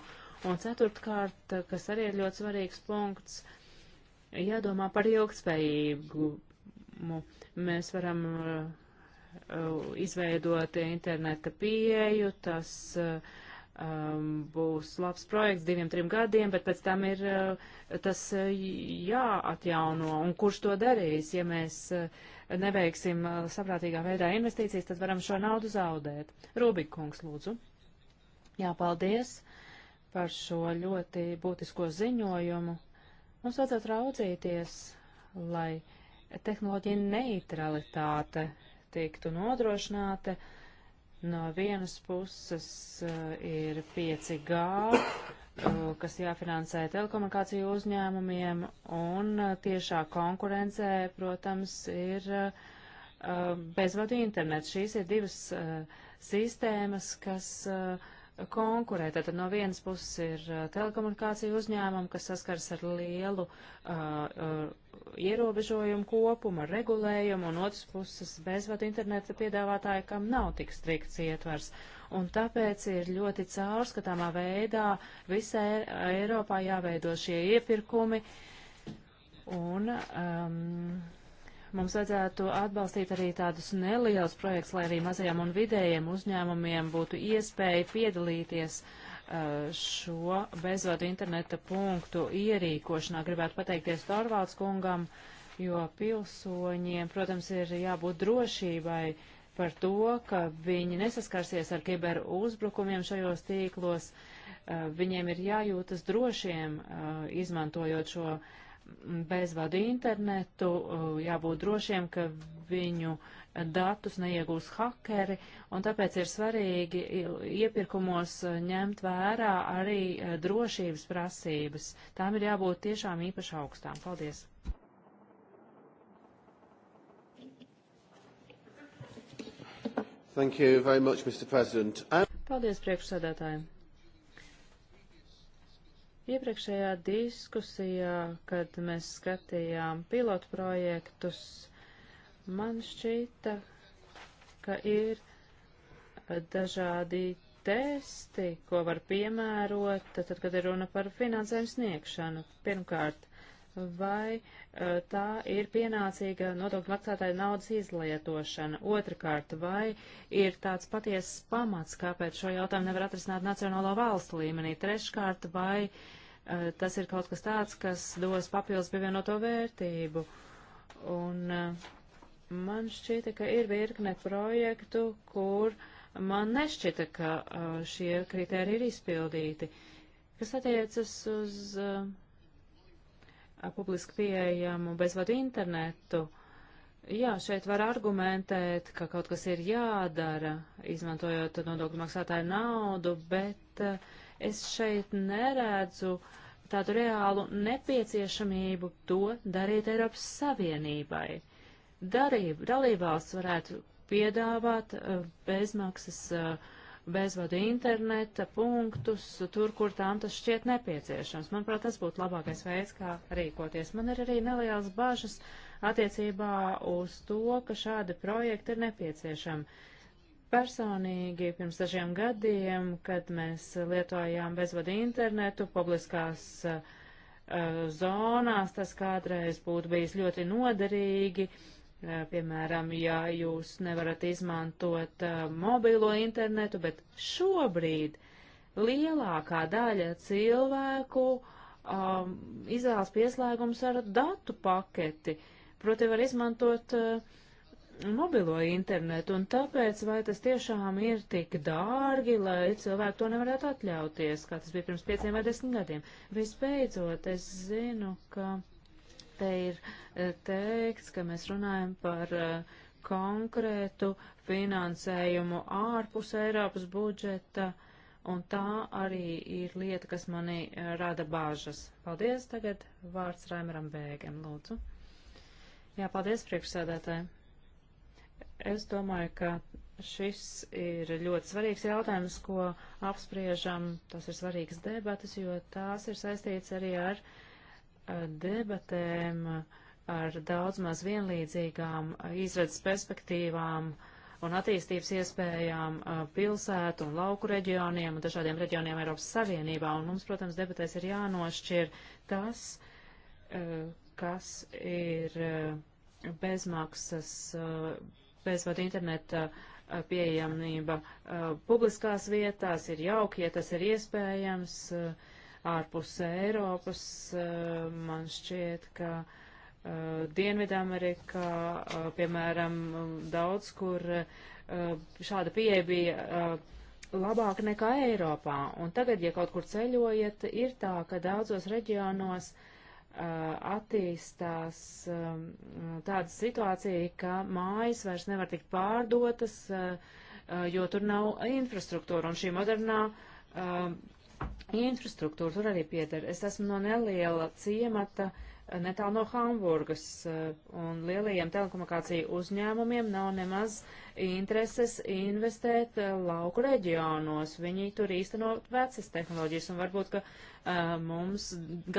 Un ceturtkārt, uh, kas arī ir ļoti svarīgs punkts, uh, jādomā par ilgspējību. Mēs varam uh, izveidot interneta pieeju, tas uh, um, būs labs projekts diviem, trim gadiem, bet pēc tam ir uh, tas jāatjauno. Un kurš to darīs? Ja mēs neveiksim saprātīgā veidā investīcijas, tad varam šo naudu zaudēt. Rubikungs, lūdzu. Jā, paldies par šo ļoti būtisko ziņojumu Mums vajadzētu raudzīties, lai tehnoloģija neutralitāte tiktu nodrošināta. No vienas puses eh, ir 5G, eh, kas jāfinansē telekomunikāciju uzņēmumiem, un eh, tiešā konkurencē, protams, ir bezvadu internets. Šīs ir divas sistēmas, kas uh, konkurē. Tātad no vienas puses ir uh, telekomunikācija uzņēmumi, kas saskars ar lielu uh, uh, ierobežojumu kopumu, ar regulējumu, un otras puses bezvadu interneta piedāvātāji, kam nav tik strikts ietvers. Un tāpēc ir ļoti caurskatāmā veidā visā Eiropā jāveido šie iepirkumi. Un, um, Mums vajadzētu atbalstīt arī tādus nelielus projekts, lai arī mazajiem un vidējiem uzņēmumiem būtu iespēja piedalīties uh, šo bezvadu interneta punktu ierīkošanā. Gribētu pateikties Torvalds kungam, jo pilsoņiem, protams, ir jābūt drošībai par to, ka viņi nesaskarsies ar kiber uzbrukumiem šajos tīklos. Uh, viņiem ir jājūtas drošiem, uh, izmantojot šo bezvadu internetu, uh, jābūt drošiem, ka viņu datus neiegūs hakeri, un tāpēc ir svarīgi iepirkumos uh, ņemt vērā arī uh, drošības prasības. Tām ir jābūt tiešām īpaši augstām. Paldies! Thank you very much, Mr. President. Paldies priekšsēdētājiem! Iepriekšējā diskusijā, kad mēs skatījām pilotu projektus, man šķita, ka ir dažādi testi, ko var piemērot, tad, kad ir runa par finansējumu sniegšanu. Pirmkārt, vai uh, tā ir pienācīga nodokļu maksātāju naudas izlietošana. Otrakārt, vai ir tāds patiesas pamats, kāpēc šo jautājumu nevar atrisināt nacionālo valstu līmenī. Treškārt, vai uh, tas ir kaut kas tāds, kas dos papildus pievienoto vērtību. Un uh, man šķita, ka ir virkne projektu, kur man nešķita, ka šie kriteriji ir izpildīti. Kas attiecas uz uh, publiski pieejamu bezvadu internetu. Jā, šeit var argumentēt, ka kaut kas ir jādara, izmantojot nodokļu maksātāju naudu, bet eh, es šeit neredzu tādu reālu nepieciešamību to darīt Eiropas Savienībai. Darība, dalībvalsts varētu piedāvāt eh, bezmaksas uh, bezvadu interneta punktus tur, kur tām tas šķiet nepieciešams. Manuprāt, tas būtu labākais veids, kā rīkoties. Man ir arī nelielas bažas attiecībā uz to, ka šādi projekti ir nepieciešami. Personīgi pirms dažiem gadiem, kad mēs lietojām bezvadu internetu, publiskās uh, zonās tas kādreiz būtu bijis ļoti noderīgi. Uh, Eh, piemēram, ja jūs nevarat izmantot eh, mobilo internetu, bet šobrīd lielākā daļa cilvēku um, izvēlas pieslēgums ar datu paketi, proti var izmantot uh, mobilo internetu, un tāpēc vai tas tiešām ir tik dārgi, lai cilvēki to nevarētu atļauties, kā tas bija pirms pieciem vai desmit gadiem. Vispēcot, es zinu, ka Te ir e, teikts, ka mēs runājam par e, konkrētu finansējumu ārpus Eiropas budžeta, un tā arī ir lieta, kas manī e, rada bāžas. Paldies, tagad vārds Raimaram Bēgam, lūdzu. Jā, paldies priekšsēdētāji. Es domāju, ka Šis ir ļoti svarīgs jautājums, ko apspriežam. Tas ir svarīgs debatas, jo tās ir saistīts arī ar debatēm ar daudz maz vienlīdzīgām izredzes perspektīvām un attīstības iespējām pilsētu un lauku reģioniem un dažādiem reģioniem Eiropas Savienībā. Un mums, protams, debatēs ir jānošķir tas, kas ir bezmaksas, bezvadu interneta pieejamība publiskās vietās, ir jauki, ja tas ir iespējams. Uh, ārpus Eiropas. Eh, man šķiet, ka eh, Dienvidamerikā, eh, piemēram, daudz kur šāda pieeja bija labāka nekā Eiropā. Un tagad, ja kaut kur ceļojat, ir tā, ka daudzos reģionos attīstās tāda situācija, ka mājas vairs nevar tikt pārdotas, jo tur nav infrastruktūra. Un šī modernā infrastruktūra tur arī pieder. Es esmu no neliela ciemata, netālu no Hamburgas, eh, un lielajiem telekomunikāciju uzņēmumiem nav nemaz intereses investēt eh, lauku reģionos. Viņi tur īstenot vecas tehnoloģijas, un varbūt, ka eh, mums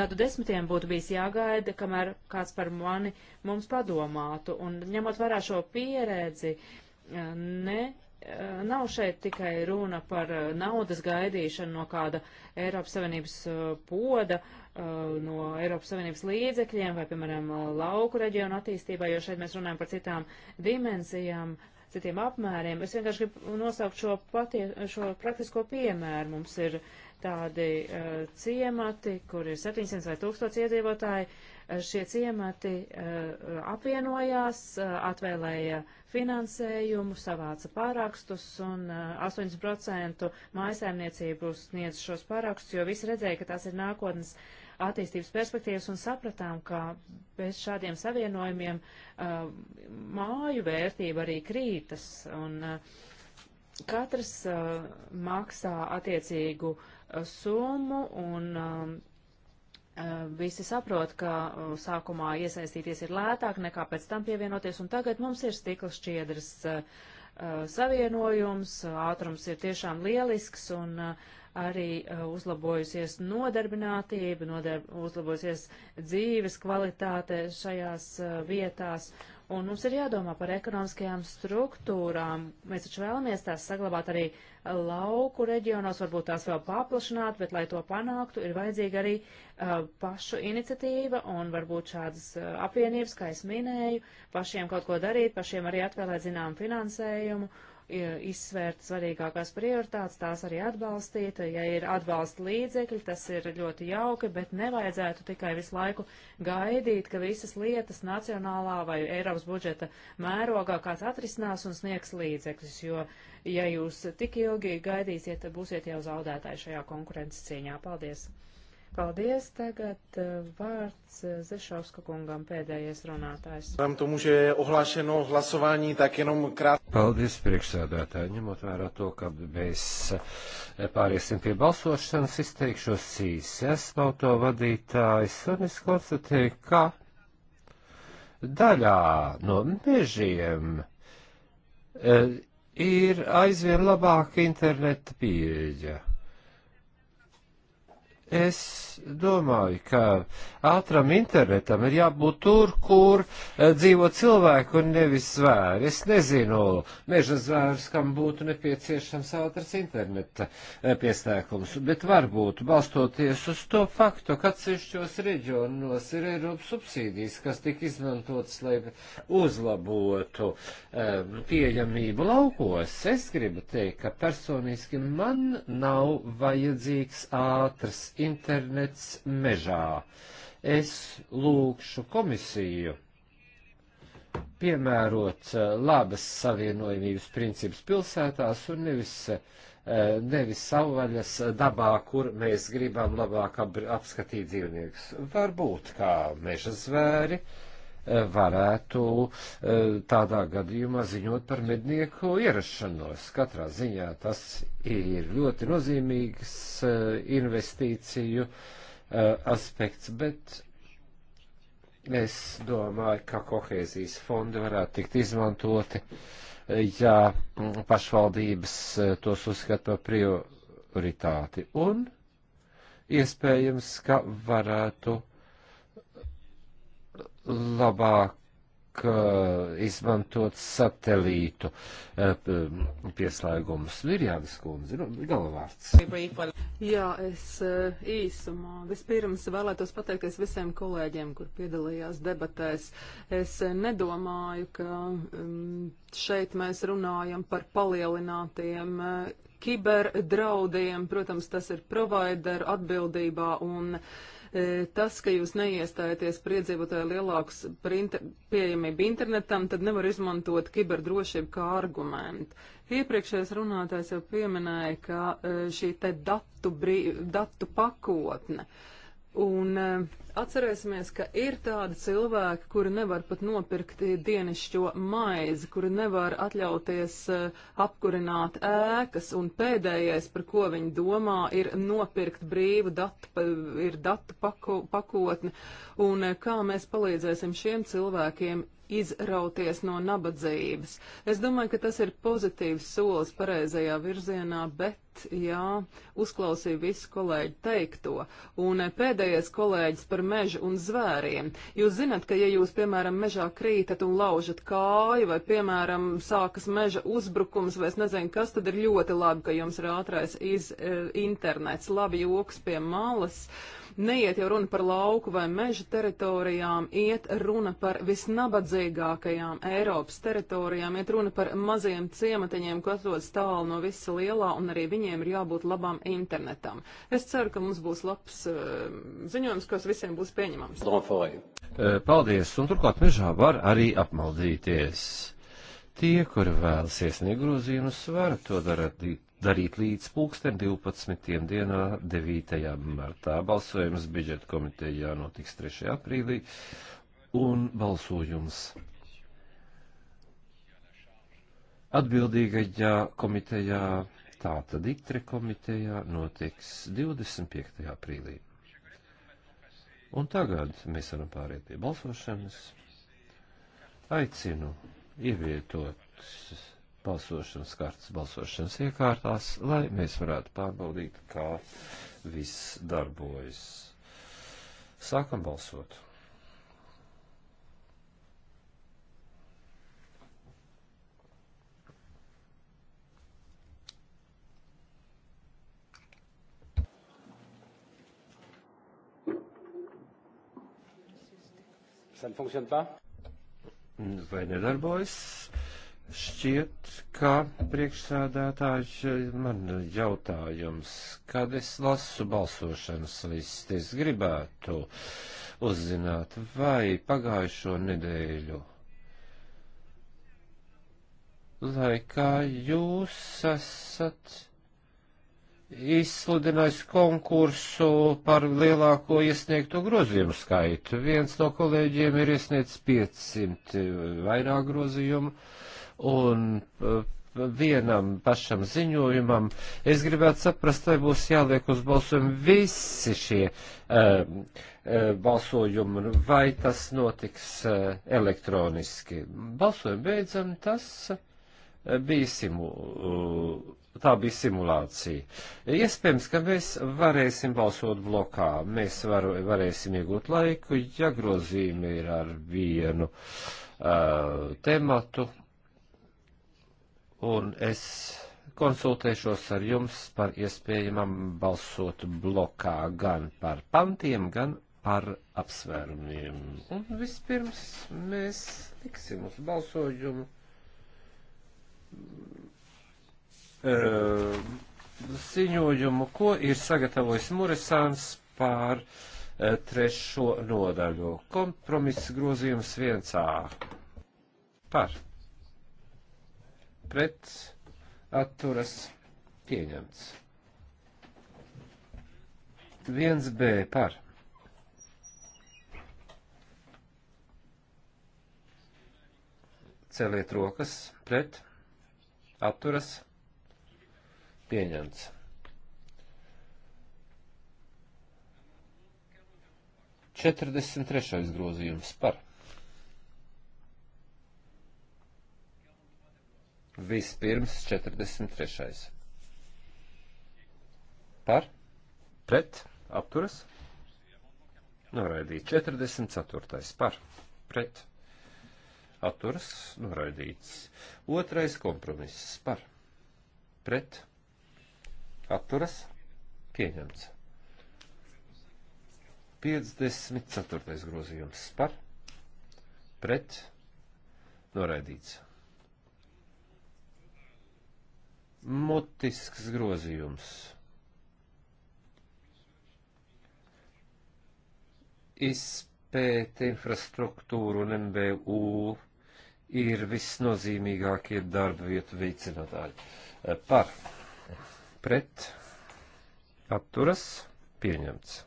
gadu desmitiem būtu bijis jāgaida, kamēr kāds par mani mums padomātu. Un ņemot vērā šo pieredzi, ne Eh, nav šeit tikai runa par eh, naudas gaidīšanu no kāda Eiropas Savienības eh, poda, no Eiropas Savienības līdzekļiem vai, piemēram, lauku reģionu attīstībā, jo šeit mēs runājam par citām dimensijām, citiem apmēriem. Es vienkārši gribu nosaukt šo, patie, šo praktisko piemēru. Mums ir tādi uh, ciemati, kur ir 700 vai 1000 iedzīvotāji, uh, Šie ciemati eh, apvienojās, eh, atvēlēja finansējumu, savāca pārakstus un 80% eh, mājasēmniecību sniedz šos pārakstus, jo visi redzēja, ka tās ir nākotnes attīstības perspektīvas un sapratām, ka bez šādiem savienojumiem māju vērtība arī krītas. Un, Katrs uh, maksā attiecīgu uh, summu un uh, Eh, visi saprot, ka eh, sākumā iesaistīties ir lētāk nekā pēc tam pievienoties, un tagad mums ir stikla šķiedras eh, savienojums, ātrums ir tiešām lielisks, un arī uzlabojusies nodarbinātība, nodarb uzlabojusies dzīves kvalitāte šajās vietās, Un mums ir jādomā par ekonomiskajām struktūrām. Mēs taču vēlamies tās saglabāt arī lauku reģionos, varbūt tās vēl paplašināt, bet, lai to panāktu, ir vajadzīga arī uh, pašu iniciatīva un varbūt šādas uh, apvienības, kā es minēju, pašiem kaut ko darīt, pašiem arī atvēlēt zinām finansējumu izsvērt svarīgākās prioritātes, tās arī atbalstīt. Ja ir atbalsta līdzekļi, tas ir ļoti jauki, bet nevajadzētu tikai visu laiku gaidīt, ka visas lietas nacionālā vai Eiropas budžeta mērogā kāds atrisinās un sniegs līdzekļus, jo ja jūs tik ilgi gaidīsiet, tad būsiet jau zaudētāji šajā konkurences cīņā. Paldies! Paldies. Tagad eh, vārds eh, Zešovska kungam pēdējais runātājs. Tam tomu, že je ohlášeno hlasování, tak jenom krát. Paldies, priekšsēdētāji. Ņemot vērā to, ka mēs eh, pāriesim pie balsošanas, izteikšos sīs. Esmu auto vadītājs un es konstatēju, ka daļā no mežiem e, ir aizvien labāka interneta pieeja Es domāju, ka ātram internetam ir jābūt tur, kur eh, dzīvo cilvēku un nevis zvēri. Es nezinu meža zvērus, kam būtu nepieciešams ātrs interneta eh, piestākums, bet varbūt balstoties uz to faktu, ka atsevišķos reģionos ir Eiropas subsīdijas, kas tika izmantotas, lai uzlabotu um, pieejamību laukos. Es gribu teikt, ka personiski man nav vajadzīgs ātrs internets mežā. Es lūkšu komisiju piemērot eh, labas savienojumības principus pilsētās un nevis, eh, nevis savvaļas dabā, kur mēs gribam labāk apskatīt dzīvniekus. Varbūt kā meža zvēri, uh, varētu e, tādā gadījumā ziņot par mednieku ierašanos. Katrā ziņā tas ir ļoti nozīmīgs e, investīciju e, aspekts, bet es domāju, ka kohēzijas fondi varētu tikt izmantoti, ja pašvaldības tos uzskata par prioritāti. Un iespējams, ka varētu labāk eh, izmantot satelītu eh, pieslēgumus. Mirjādas kundze, nu, galvārds. Jā, es eh, īsumā vispirms vēlētos pateikties visiem kolēģiem, kur piedalījās debatēs. Es nedomāju, ka mm, šeit mēs runājam par palielinātiem kiberdraudiem. Protams, tas ir provideru atbildībā un uh, E, tas, ka jūs neiestājaties par iedzīvotāju lielāks printa, pieejamību internetam, tad nevar izmantot kiberdrošību kā argumentu. Iepriekšējais runātājs jau pieminēja, ka e, šī te datu, brī, datu pakotne. Uh, Un e, atcerēsimies, ka ir tādi cilvēki, kuri nevar pat nopirkt dienišķo maizi, kuri nevar atļauties e, apkurināt ēkas, un pēdējais, par ko viņi domā, ir nopirkt brīvu datu, ir datu pako, pakotni, un e, kā mēs palīdzēsim šiem cilvēkiem izrauties no nabadzības. Es domāju, ka tas ir pozitīvs solis pareizajā virzienā, bet, jā, uzklausīju visu kolēģi teikto. Un eh, pēdējais kolēģis par mežu un zvēriem. Jūs zinat, ka ja jūs, piemēram, mežā krītat un laužat kāju, vai, piemēram, sākas meža uzbrukums, vai es nezinu, kas tad ir ļoti labi, ka jums ir ātrais iz, e, internets, labi joks pie malas. Uh, Neiet jau runa par lauku vai meža teritorijām, iet runa par visnabadzīgākajām Eiropas teritorijām, iet runa par maziem ciematiņiem, ko atrodas tālu no visa lielā, un arī viņiem ir jābūt labam internetam. Es ceru, ka mums būs labs uh, ziņojums, kas visiem būs pieņemams. Eh, paldies, un turklāt mežā var arī apmaldīties. Tie, kuri vēlas iesniegt grozījumus, var to darīt darīt līdz pulksten 12. dienā 9. martā. Balsojums budžeta komitejā notiks 3. aprīlī un balsojums atbildīgajā komitejā, tātad ITRE komitejā, notiks 25. aprīlī. Un tagad mēs varam pāriet pie balsošanas. Aicinu ievietot balsošanas kartas balsošanas iekārtās, lai mēs varētu pārbaudīt, kā viss darbojas. Sākam balsot. Ça ne fonctionne pas Vai nedarbojas? Šķiet, ka priekšsēdētājs eh, man jautājums, kad es lasu balsošanas listi, es gribētu uzzināt, vai pagājušo nedēļu laikā jūs esat izsludinājis konkursu par lielāko iesniegto grozījumu skaitu. Viens no kolēģiem ir iesniedzis 500 vairāk grozījumu. Uh, un eh, vienam pašam ziņojumam. Es gribētu saprast, vai būs jāliek uz balsojumu visi šie um, balsojumi, vai tas notiks uh, elektroniski. Balsojumu beidzam, tas bija simu, tā bija simulācija. Iespējams, ka mēs varēsim balsot blokā, mēs varu, varēsim iegūt laiku, ja grozījumi ir ar vienu uh, tematu un es konsultēšos ar jums par iespējamam balsot blokā gan par pantiem, gan par apsvērumiem. Un vispirms mēs liksim uz balsojumu uh, ziņojumu, ko ir sagatavojis Muresāns par uh, trešo nodaļu. Kompromiss grozījums 1A. Par pret atturas pieņemts. 1B par. Celiet rokas pret atturas pieņemts. Četrdesmit trešais grozījums par Vispirms 43. Par, pret, apturas, noraidīt 44. Par, pret, apturas, noraidīts. Otrais kompromiss par, pret, apturas, pieņemts. 54. grozījums par, pret, noraidīts. mutisks grozījums. Izpēta infrastruktūru un MBU ir visnozīmīgākie darba vietu veicinātāji. Par, pret, atturas, pieņemts.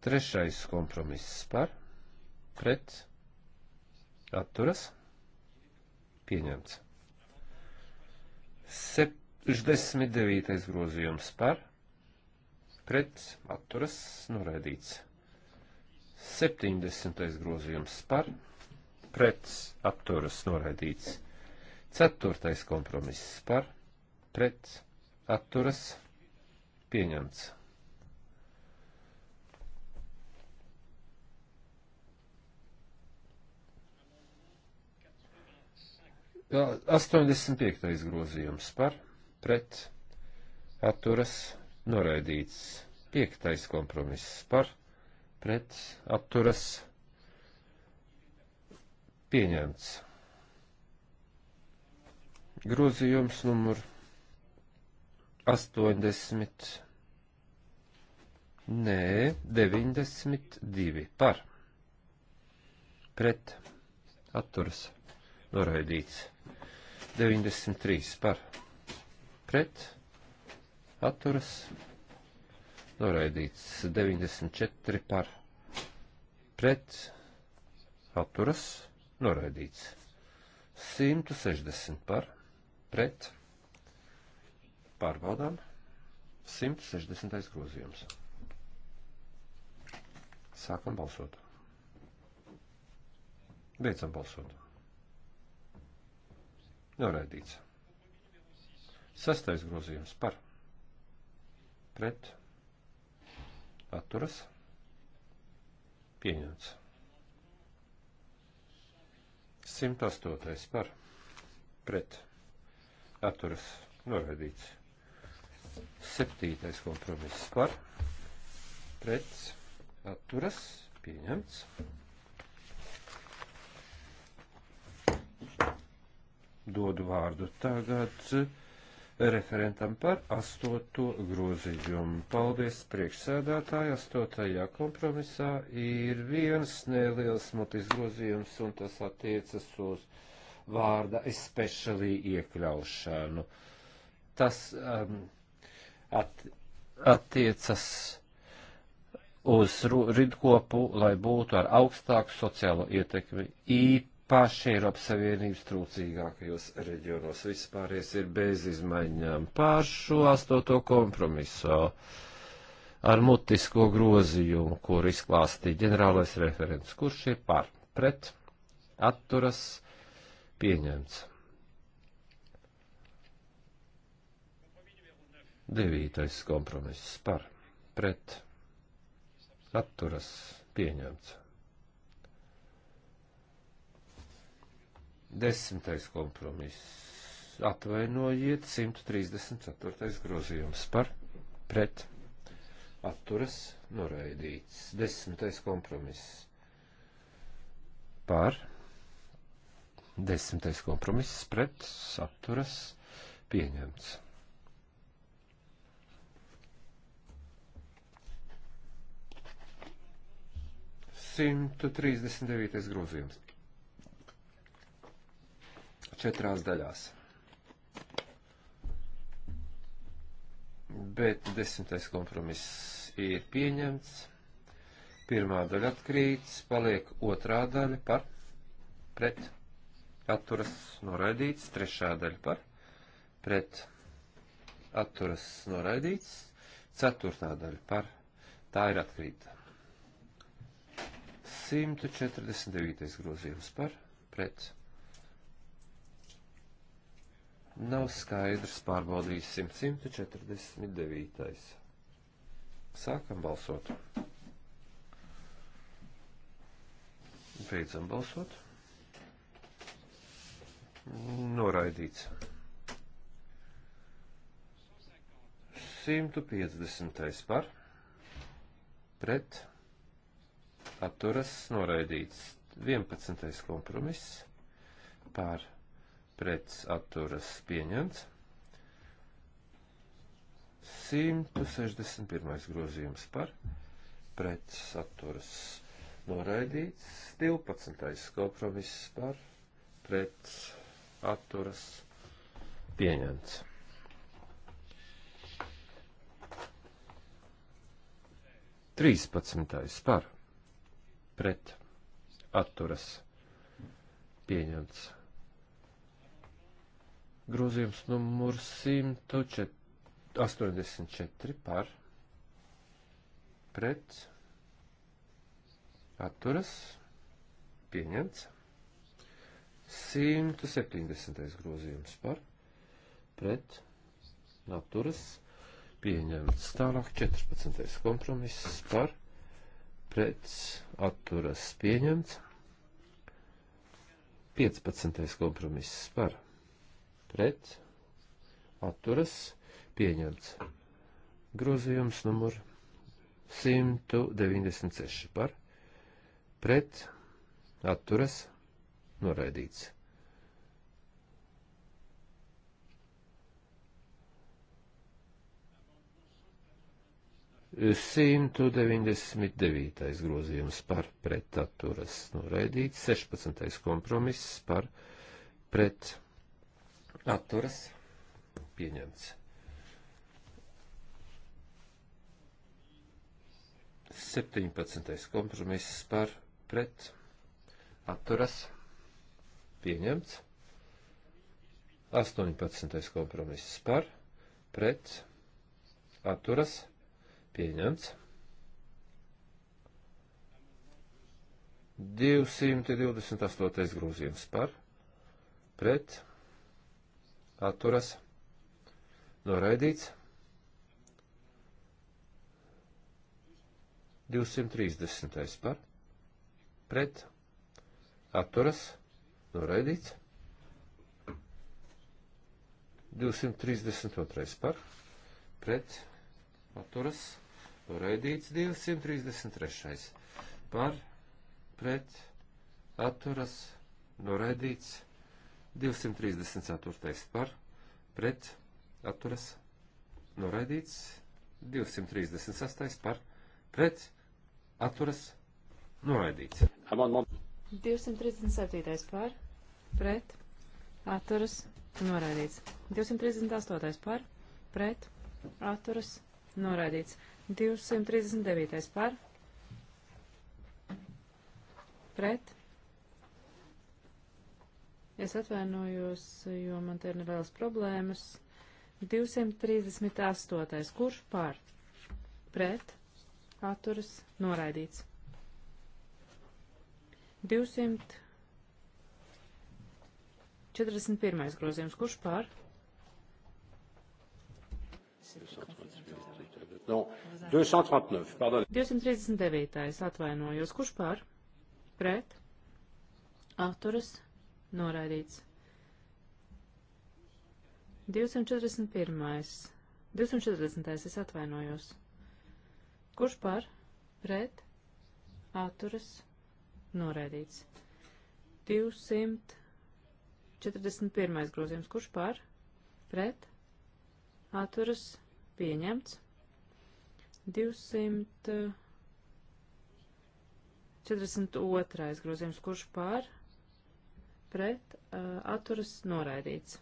Trešais kompromiss par, pret, atturas, pieņemts pieņemts. 69. grozījums par, pret, atturas, noraidīts. 70. grozījums par, pret, atturas, noraidīts. 4. kompromiss par, pret, atturas, pieņemts. 85. grozījums par pret atturas noraidīts. 5. kompromiss par pret atturas pieņemts. Grozījums numur 80. Nē, 92 par pret atturas pieņemts noraidīts. 93 par pret atturas noraidīts. 94 par pret atturas noraidīts. 160 par pret pārbaudām 160. grozījums. Sākam balsot. Beidzam balsot. Noraidīts. Sastais grozījums par pret atturas pieņemts. 108. par pret atturas noraidīts. 7. kompromiss par pret atturas pieņemts. dodu vārdu tagad referentam par astoto grozījumu. Paldies priekšsēdētāji, astotajā kompromisā ir viens neliels mutis grozījums, un tas attiecas uz vārda especially iekļaušanu. Tas um, at, attiecas uz ridkopu, lai būtu ar augstāku sociālo ietekmi, īpaši paši Eiropas Savienības trūcīgākajos reģionos. Vispārējais ir bez izmaiņām pār šo astoto kompromiso ar mutisko grozījumu, kur izklāstīja ģenerālais referents, kurš ir par, pret, atturas, pieņemts. Devītais kompromiss par, pret, atturas, pieņemts. Desmitais kompromiss. Atvainojiet, 134. grozījums par pret atturas noraidīts. Desmitais kompromiss par desmitais kompromiss pret atturas pieņemts. Simtu trīsdesmit devītais grozījums četrās daļās. Bet desmitais kompromiss ir pieņemts. Pirmā daļa atkrīts, paliek otrā daļa par pret atturas noraidīts, trešā daļa par pret atturas noraidīts, ceturtā daļa par tā ir atkrīta. 149. grozījums par pret Nav skaidrs, pārbaudīsim 149. Sākam balsot. Beidzam balsot. Noraidīts. 150. par pret atturas noraidīts. 11. kompromiss par pret pret atturas pieņemts. 161. grozījums par pret atturas noraidīts. 12. kompromiss par pret atturas pieņemts. Trīspadsmitais par pret atturas pieņemts. Grozījums numur 184 par pret atturas pieņemts. 170. grozījums par pret atturas pieņemts. Tālāk 14. kompromiss par pret atturas pieņemts. 15. kompromiss par pret pret atturas pieņemts. Grozījums numur 196 par pret atturas noraidīts. Simtu deviņdesmit devītais grozījums par pretaturas noraidīts, sešpadsmitais kompromiss par pretaturas atturas pieņemts. 17. kompromiss par pret atturas pieņemts. 18. kompromiss par pret atturas pieņemts. 228. grūzījums par pret atturas pieņemts atturas noraidīts. 230. par pret atturas noraidīts. 232. par pret atturas noraidīts. 233. par pret atturas noraidīts. 234. par pret atturas noraidīts. 238. par pret atturas noraidīts. 237. par pret atturas noraidīts. 238. par pret atturas noraidīts. 239. par pret Es atvainojos, jo man te ir nelielas problēmas. 238. Kurš par? Pret? Atturas? Noraidīts. 241. grozījums. Kurš pār? No, 239. Pardon. 239. Atvainojos. Kurš pār? Pret? Atturas? noraidīts. 241. 240. es atvainojos. Kurš par, pret, atturas, noraidīts. 241. grozījums. Kurš par, pret, atturas, pieņemts. 242. grozījums. Kurš par, pret, pret uh, atturas noraidīts.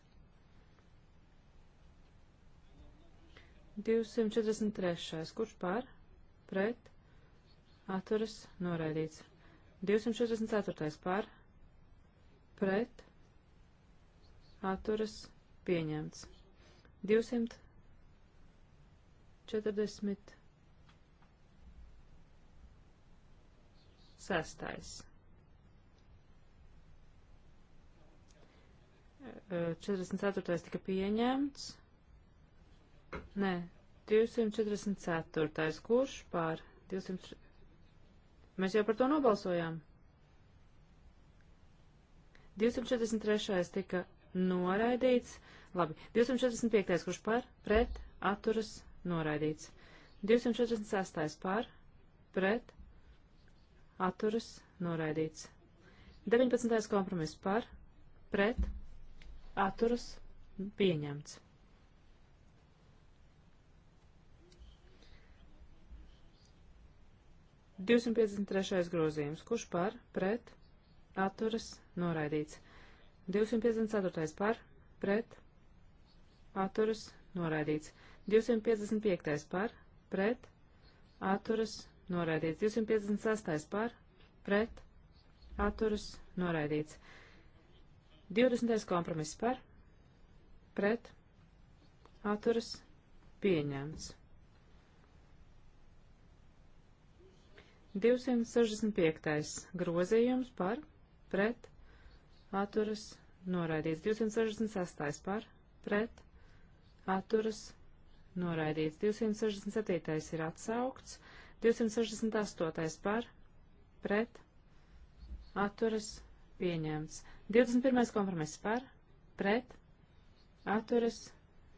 243. Kurš par? Pret. Atturas. Noraidīts. 244. Par. Pret. Atturas. Pieņemts. 246. 44. tika pieņemts. Nē, 244. Kurš pār? 200... Mēs jau par to nobalsojām. 243. tika noraidīts. Labi, 245. kurš par? Pret, atturas, noraidīts. 246. par? Pret, atturas, noraidīts. 19. kompromiss par? Pret, atturas pieņemts. Divsimt piecdesmit trešais grozījums. Kurš par, pret, atturas, noraidīts. 254. par, pret, atturas, noraidīts. 255. par, pret, atturas, noraidīts. 256. par, pret, atturas, noraidīts. 20. kompromiss par, pret, atturas, pieņemts. 265. grozījums par, pret, atturas, noraidīts. 266. par, pret, atturas, noraidīts. 267. ir atsaukts. 268. par, pret, atturas, noraidīts pieņemts. 21. kompromiss par, pret, atturas,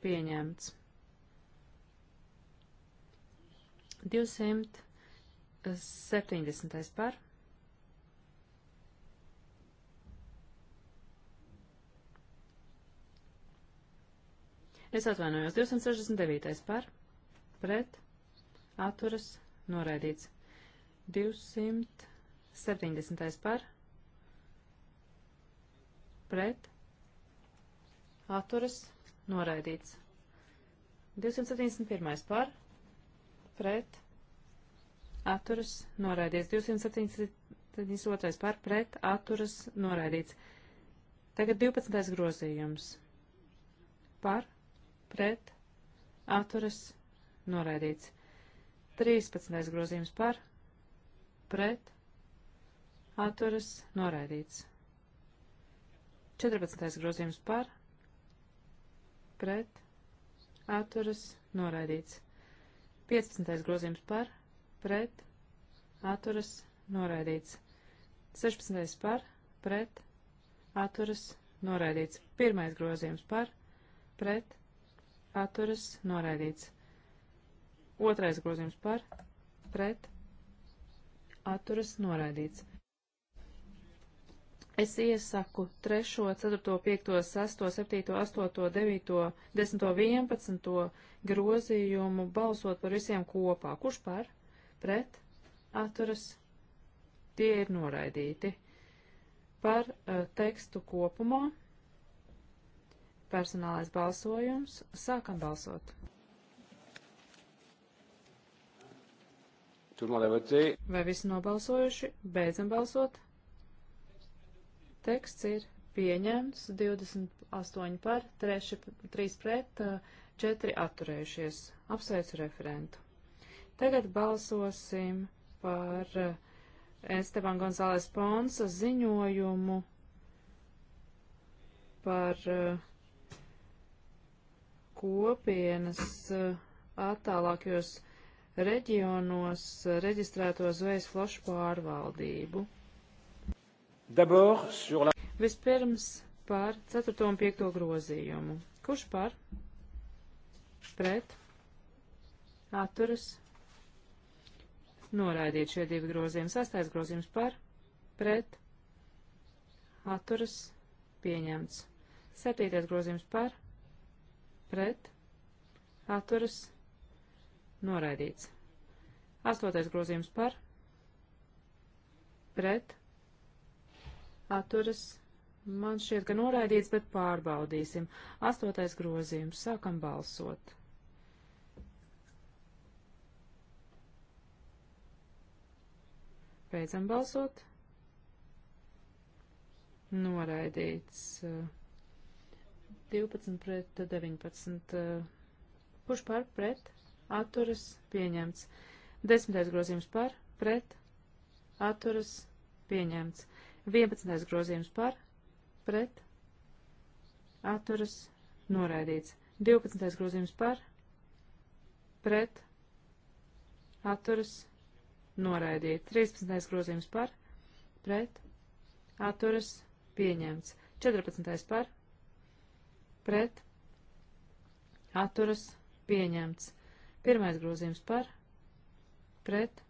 pieņemts. 270. par. Es atvainojos, 269. par, pret, atturas, noraidīts. 270. par, pret, atturas, noraidīts. 271. par, pret, atturas, noraidīts. 272. par, pret, atturas, noraidīts. Tagad 12. grozījums. Par, pret, atturas, noraidīts. 13. grozījums par, pret, atturas, noraidīts. 14. grozījums par, pret, atturas, noraidīts. 15. grozījums par, pret, atturas, noraidīts. 16. par, pret, atturas, noraidīts. 1. grozījums par, pret, atturas, noraidīts. 2. grozījums par, pret, atturas, noraidīts. Es iesaku 3., 4., 5., 6., 7., 8., 9., 10., 11. grozījumu balsot par visiem kopā. Kurš par? Pret? Atturas? Tie ir noraidīti. Par uh, tekstu kopumā personālais balsojums. Sākam balsot. Vai visi nobalsojuši? Beidzam balsot. Teksts ir pieņemts 28 par, 3, 3 pret, 4 atturējušies. Apsveicu referentu. Tagad balsosim par Esteban Gonzāles Ponsa ziņojumu par kopienas attālākajos reģionos reģistrēto zvejas flošu pārvaldību. La... Vispirms par 4. un 5. grozījumu. Kurš par? Pret? Atturas? Noraidīt šie divi grozījumi. Sastais grozījums par? Pret? Atturas? Pieņemts. Septītais grozījums par? Pret? Atturas? Noraidīts. Astotais grozījums par? Pret? atturas man šķiet, ka noraidīts, bet pārbaudīsim. Astotais grozījums. Sākam balsot. Beidzam balsot. Noraidīts. 12 eh, pret 19. Eh, kurš par? Pret. Atturas. Pieņemts. Desmitais grozījums par. Pret. Atturas. Pieņemts. 11. grozījums par, pret, atturas, noraidīts. 12. grozījums par, pret, atturas, noraidīts. 13. grozījums par, pret, atturas, pieņemts. 14. par, pret, atturas, pieņemts. 1. grozījums par, pret,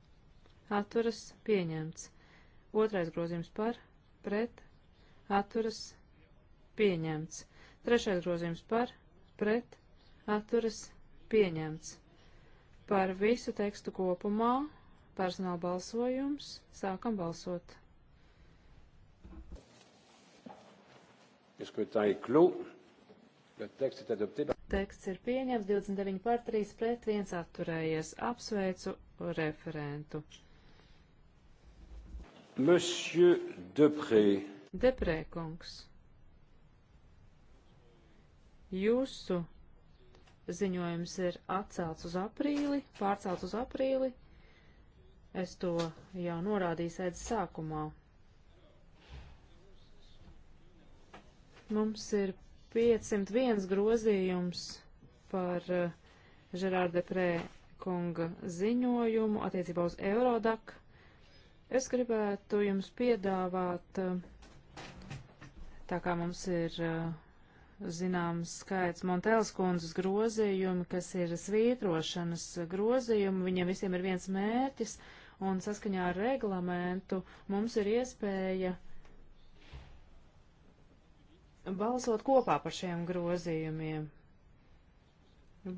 atturas, pieņemts. Otrais grozījums par, pret, atturas, pieņemts. Trešais grozījums par, pret, atturas, pieņemts. Par visu tekstu kopumā personāla balsojums. Sākam balsot. Teksts ir pieņemts 29 par 3 pret 1 atturējies. Apsveicu referentu. Monsieur Deprē. Deprē, kungs. Jūsu ziņojums ir atcelts uz aprīli, pārcelts uz aprīli. Es to jau norādīju sēdz sākumā. Mums ir 501 grozījums par eh, Žerārde Prē kunga ziņojumu attiecībā uz Eurodak Es gribētu jums piedāvāt, eh, tā kā mums ir eh, zināms skaits Montēls kundzes grozījumi, kas ir svītrošanas grozījumi, viņiem visiem ir viens mērķis, un saskaņā ar reglamentu mums ir iespēja balsot kopā par šiem grozījumiem.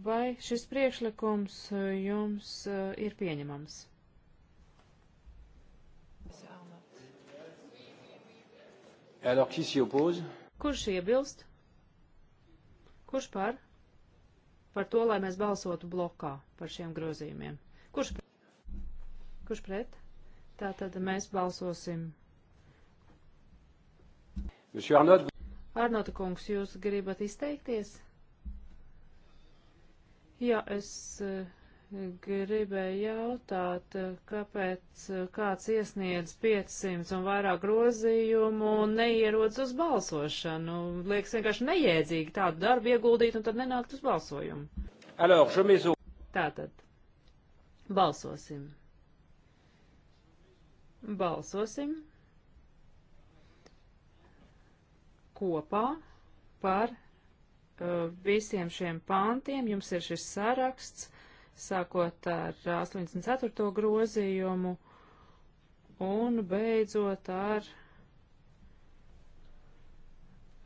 Vai šis priekšlikums eh, jums ir pieņemams? Alors, qui s'y oppose? Kurš iebilst? Kurš par? Par to, lai mēs balsotu blokā par šiem grozījumiem. Kurš pret? Kurš pret? Tātad mēs balsosim. Arnot... Arnota kungs, jūs gribat izteikties? Jā, es. Uh, Gribēju jautāt, kāpēc kāds iesniedz 500 un vairāk grozījumu un neierodas uz balsošanu. Liekas vienkārši nejēdzīgi tādu darbu ieguldīt un tad nenākt uz balsojumu. Alors, je mets... Tātad, balsosim. Balsosim kopā par uh, visiem šiem pāntiem. Jums ir šis saraksts sākot ar 84. grozījumu un beidzot ar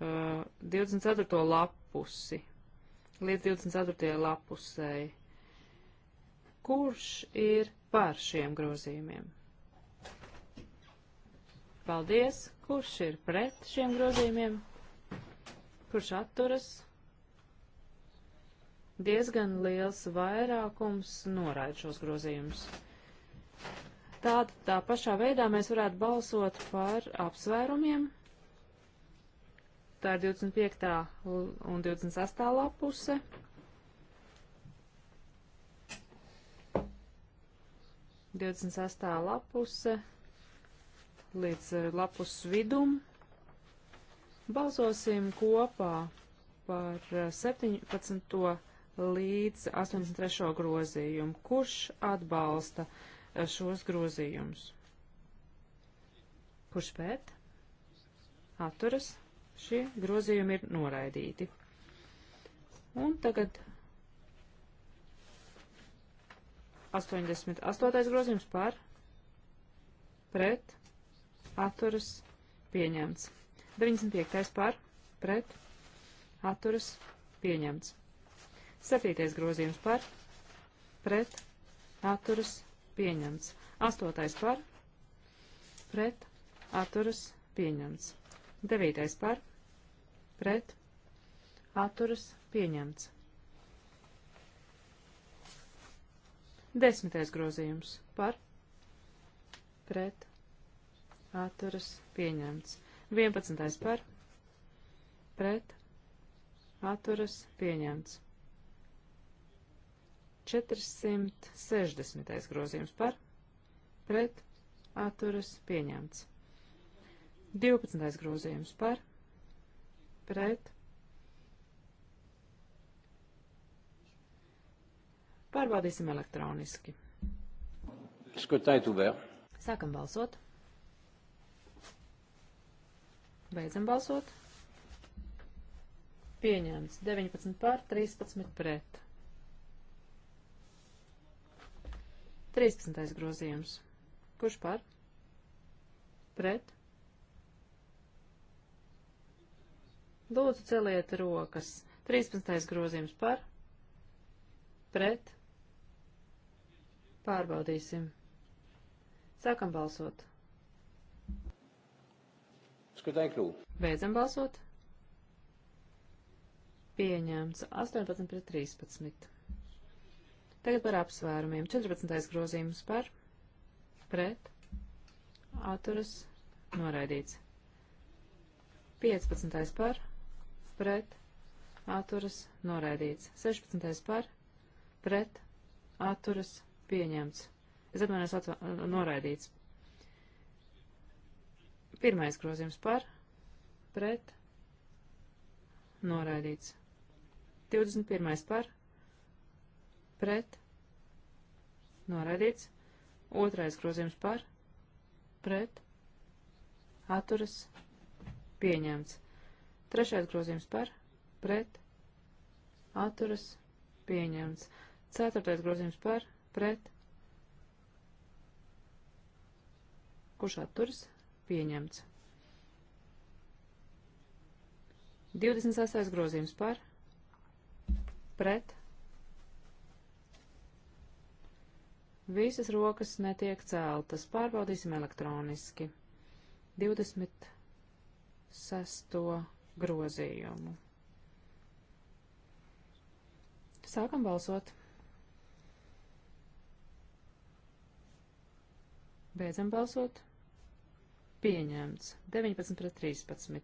uh, 24. lapusi, līdz 24. lapusei. Kurš ir par šiem grozījumiem? Paldies! Kurš ir pret šiem grozījumiem? Kurš atturas? diezgan liels vairākums noraida šos grozījumus. Tāda tā pašā veidā mēs varētu balsot par apsvērumiem. Tā ir 25. un 28. lapuse. Divdesmit sastā lapuse līdz eh, lapus vidum. Balsosim kopā par 17. Eh, līdz 83. grozījumu. Kurš atbalsta eh, šos grozījumus? Kurš pēt? Atturas. Šie grozījumi ir noraidīti. Un tagad 88. grozījums par pret atturas pieņemts. 95. par pret atturas pieņemts. Septītais grozījums par, pret, atturas, pieņemts. Astotais par, pret, atturas, pieņemts. Devītais par, pret, atturas, pieņemts. Desmitais grozījums par, pret, atturas, pieņemts. Vienpadsmitais par, pret, atturas, pieņemts. 460. grozījums par, pret, atturas, pieņemts. 12. grozījums par, pret, pārbaudīsim elektroniski. Skatāju vēl. Sākam balsot. Beidzam balsot. Pieņemts 19 pār 13 pret. 13. grozījums. Kurš par? Pret? Lūdzu, celiet rokas. 13. grozījums par? Pret? Pārbaudīsim. Sākam balsot. Skatēm kļūt. Beidzam balsot. Pieņemts 18 pret 13. Tagad par apsvērumiem. 14. grozījums par pret atturas noraidīts. 15. par pret atturas noraidīts. 16. par pret atturas pieņemts. Es atvainojos atva noraidīts. Pirmais grozījums par pret noraidīts. 21. par pret, noraidīts, otrais grozījums par, pret, atturas, pieņemts, trešais grozījums par, pret, atturas, pieņemts, ceturtais grozījums par, pret, kurš atturas, pieņemts. 26. grozījums par, pret, Visas rokas netiek celtas. Pārbaudīsim elektroniski. 26. grozījumu. Sākam balsot. Beidzam balsot. Pieņemts. 19 pret 13.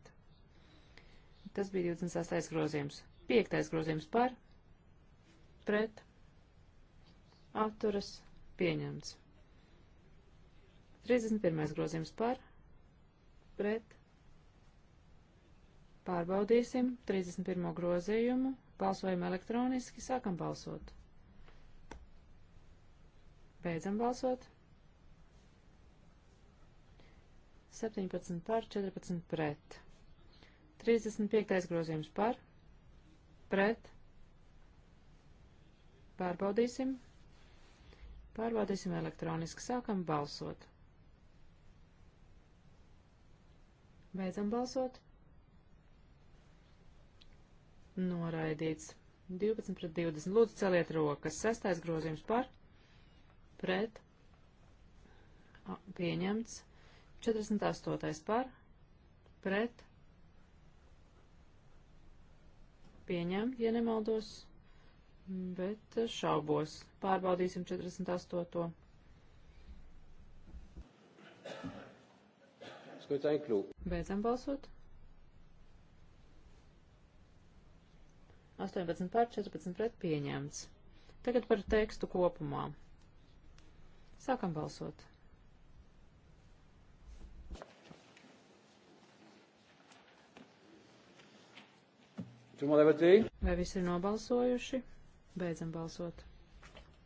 Tas bija 26. grozījums. 5. grozījums par. Pret. Atturas pieņemts. 31. grozījums par, pret, pārbaudīsim 31. grozījumu, balsojam elektroniski, sākam balsot. Beidzam balsot. 17 par, 14 pret. 35. grozījums par, pret, pārbaudīsim 31. Pārbaudīsim elektroniski. Sākam balsot. Beidzam balsot. Noraidīts. 12 pret 20. Lūdzu, celiet rokas. Sestais grozījums par. Pret. Pieņemts. 48. par. Pret. Pieņemt, ja nemaldos bet šaubos. Pārbaudīsim 48. Beidzam balsot. 18 pār 14 pret pieņemts. Tagad par tekstu kopumā. Sākam balsot. Vai visi ir nobalsojuši? Beidzam balsot.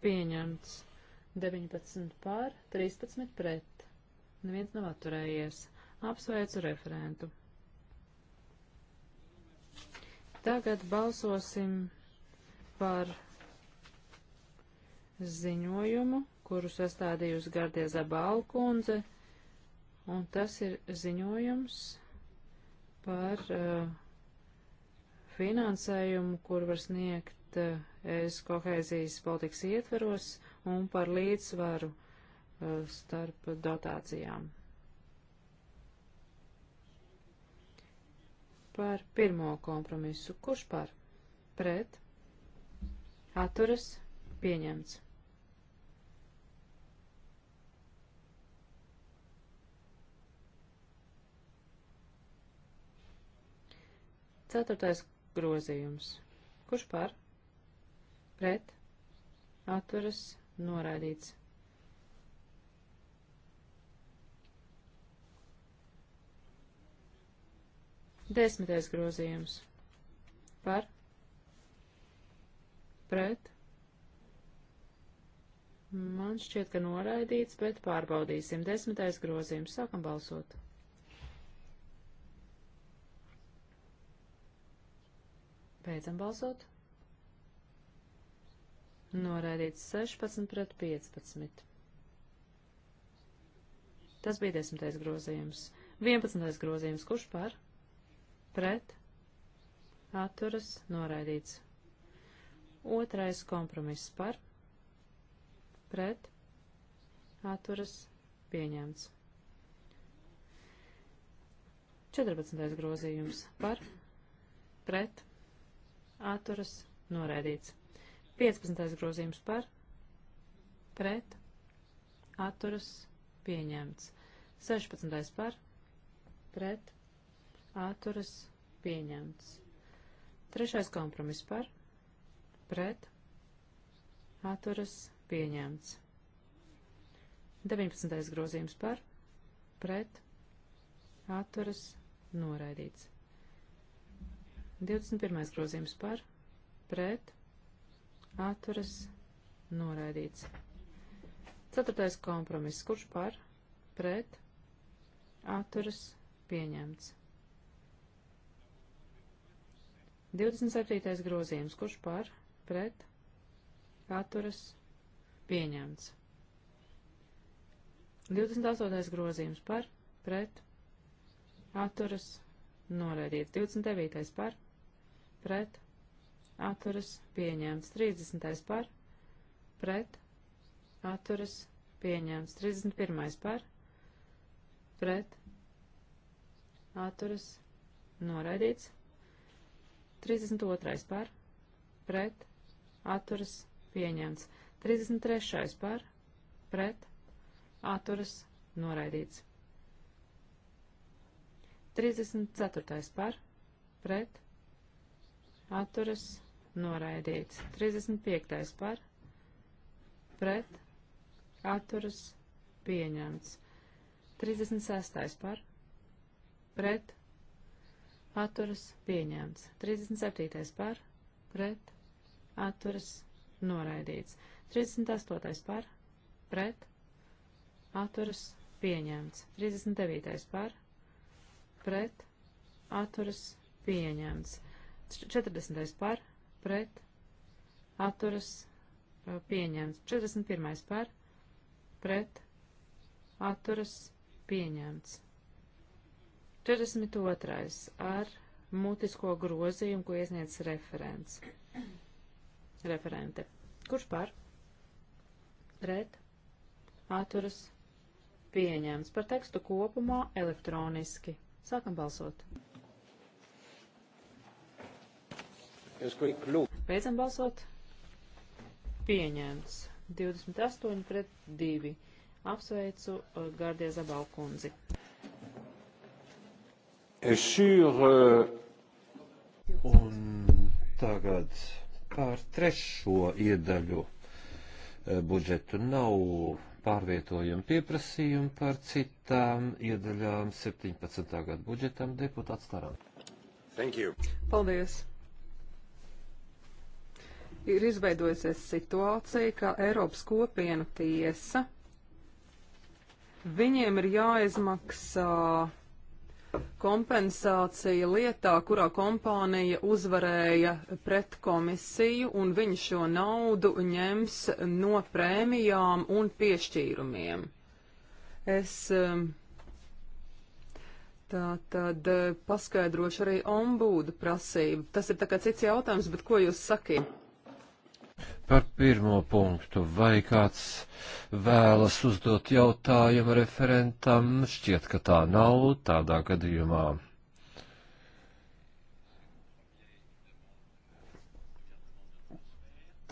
Pieņemts. 19 pār, 13 pret. Neviens nav atturējies. Apsveicu referentu. Tagad balsosim par ziņojumu, kuru sastādījusi Gardie Zabāla kundze, un tas ir ziņojums par uh, finansējumu, kur var sniegt eh, ES kohēzijas politikas ietveros un par līdzsvaru eh, starp dotācijām. Par pirmo kompromisu. Kurš par? Pret? Atturas? Pieņemts. Ceturtais grozījums. Kurš par? Pret. Atturas noraidīts. Desmitais grozījums. Par. Pret. Man šķiet, ka noraidīts, bet pārbaudīsim. Desmitais grozījums. Sākam balsot. Beidzam balsot. Noraidīts 16 pret 15. Tas bija desmitais grozījums. 11. grozījums. Kurš par? Pret. Atturas. Noraidīts. Otrais kompromiss par. Pret. Atturas. Pieņemts. 14. grozījums par. Pret atturas noraidīts. 15. grozījums par pret atturas pieņemts. 16. par pret atturas pieņemts. 3. kompromiss par pret atturas pieņemts. 19. grozījums par pret atturas noraidīts. 21. grozījums par, pret, atturas, noraidīts. 4. kompromiss, kurš par, pret, atturas, pieņemts. 27. grozījums, kurš par, pret, atturas, pieņemts. 28. grozījums par, pret, atturas, noraidīts. 29. par, pret, atturas, pieņemts. 30. par, pret, atturas, pieņemts. 31. par, pret, atturas, noraidīts. 32. par, pret, atturas, pieņemts. 33. par, pret, atturas, noraidīts. 34. par, pret, atturas noraidīts. 35. par pret atturas pieņemts. 36. par pret atturas pieņemts. 37. par pret atturas noraidīts. 38. par pret atturas pieņemts. 39. par pret atturas pieņemts. 40. par, pret, atturas, pieņemts. 41. par, pret, atturas, pieņemts. 42. ar mutisko grozījumu, ko iesniedz referents. Referente. Kurš par? Pret, atturas, pieņemts. Par tekstu kopumā elektroniski. Sākam balsot. Beidzam balsot. Pieņēmts. 28 pret 2. Apsveicu uh, Gārdie Zabalu kundzi. Sur, uh... Un tagad par trešo iedaļu uh, budžetu nav pārvietojumu pieprasījumu par citām iedaļām 17. gadu budžetam deputāts Taram. Thank you. Paldies ir izveidojusies situācija, ka Eiropas kopiena tiesa viņiem ir jāizmaksā kompensācija lietā, kurā kompānija uzvarēja pret komisiju, un viņi šo naudu ņems no prēmijām un piešķīrumiem. Es um, tā tad uh, paskaidrošu arī ombudu prasību. Tas ir tā kā cits jautājums, bet ko jūs sakiet? Par pirmo punktu, vai kāds vēlas uzdot jautājumu referentam, šķiet, ka tā nav tādā gadījumā.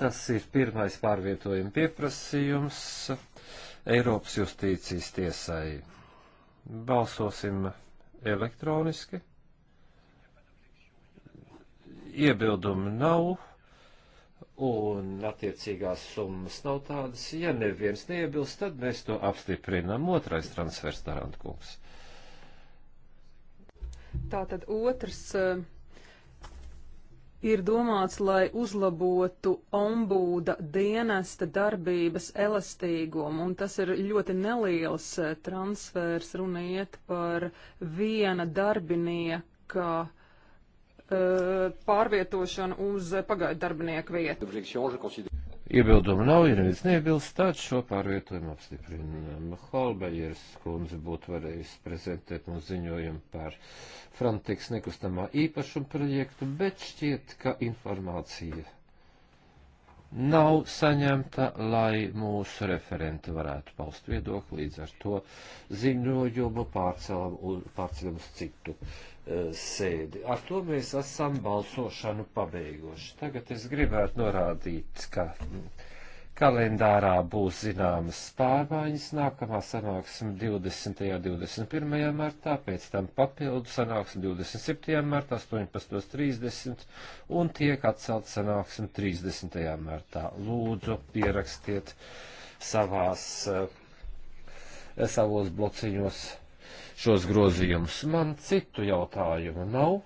Tas ir pirmais pārvietojuma pieprasījums Eiropas justīcijas tiesai. Balsosim elektroniski. Iebildumi nav un attiecīgās summas nav tādas. Ja neviens neiebilst, tad mēs to apstiprinām. Otrais transfers Tarantkungs. Tātad otrs eh, ir domāts, lai uzlabotu ombūda dienesta darbības elastīgumu, un tas ir ļoti neliels eh, transfers, runa iet par viena darbinieka Eh, pārvietošanu uz pagaidu darbinieku vietu. Iebildumu nav, ja neviens neiebilst, tad šo pārvietojumu apstiprinām. Holbeļers kundze būtu varējusi prezentēt mums ziņojumu par Frontex nekustamā īpašuma projektu, bet šķiet, ka informācija nav saņemta, lai mūsu referenti varētu paust viedokli, līdz ar to ziņojumu pārcelam uz, pārcelam uz citu Eh, sēdi. Ar to mēs esam balsošanu pabeiguši. Tagad es gribētu norādīt, ka kalendārā būs zināmas pārmaiņas. Nākamā sanāksme 20. un 21. martā, pēc tam papildu sanāksme 27. martā, 18.30 un tiek atcelt sanāksme 30. martā. Lūdzu, pierakstiet savās, eh, savos blociņos šos grozījumus. Man citu jautājumu nav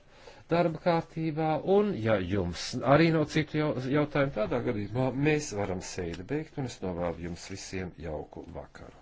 darba kārtībā, un ja jums arī nav citu jautājumu, tādā gadījumā mēs varam sēdi beigt, un es novēlu jums visiem jauku vakaru.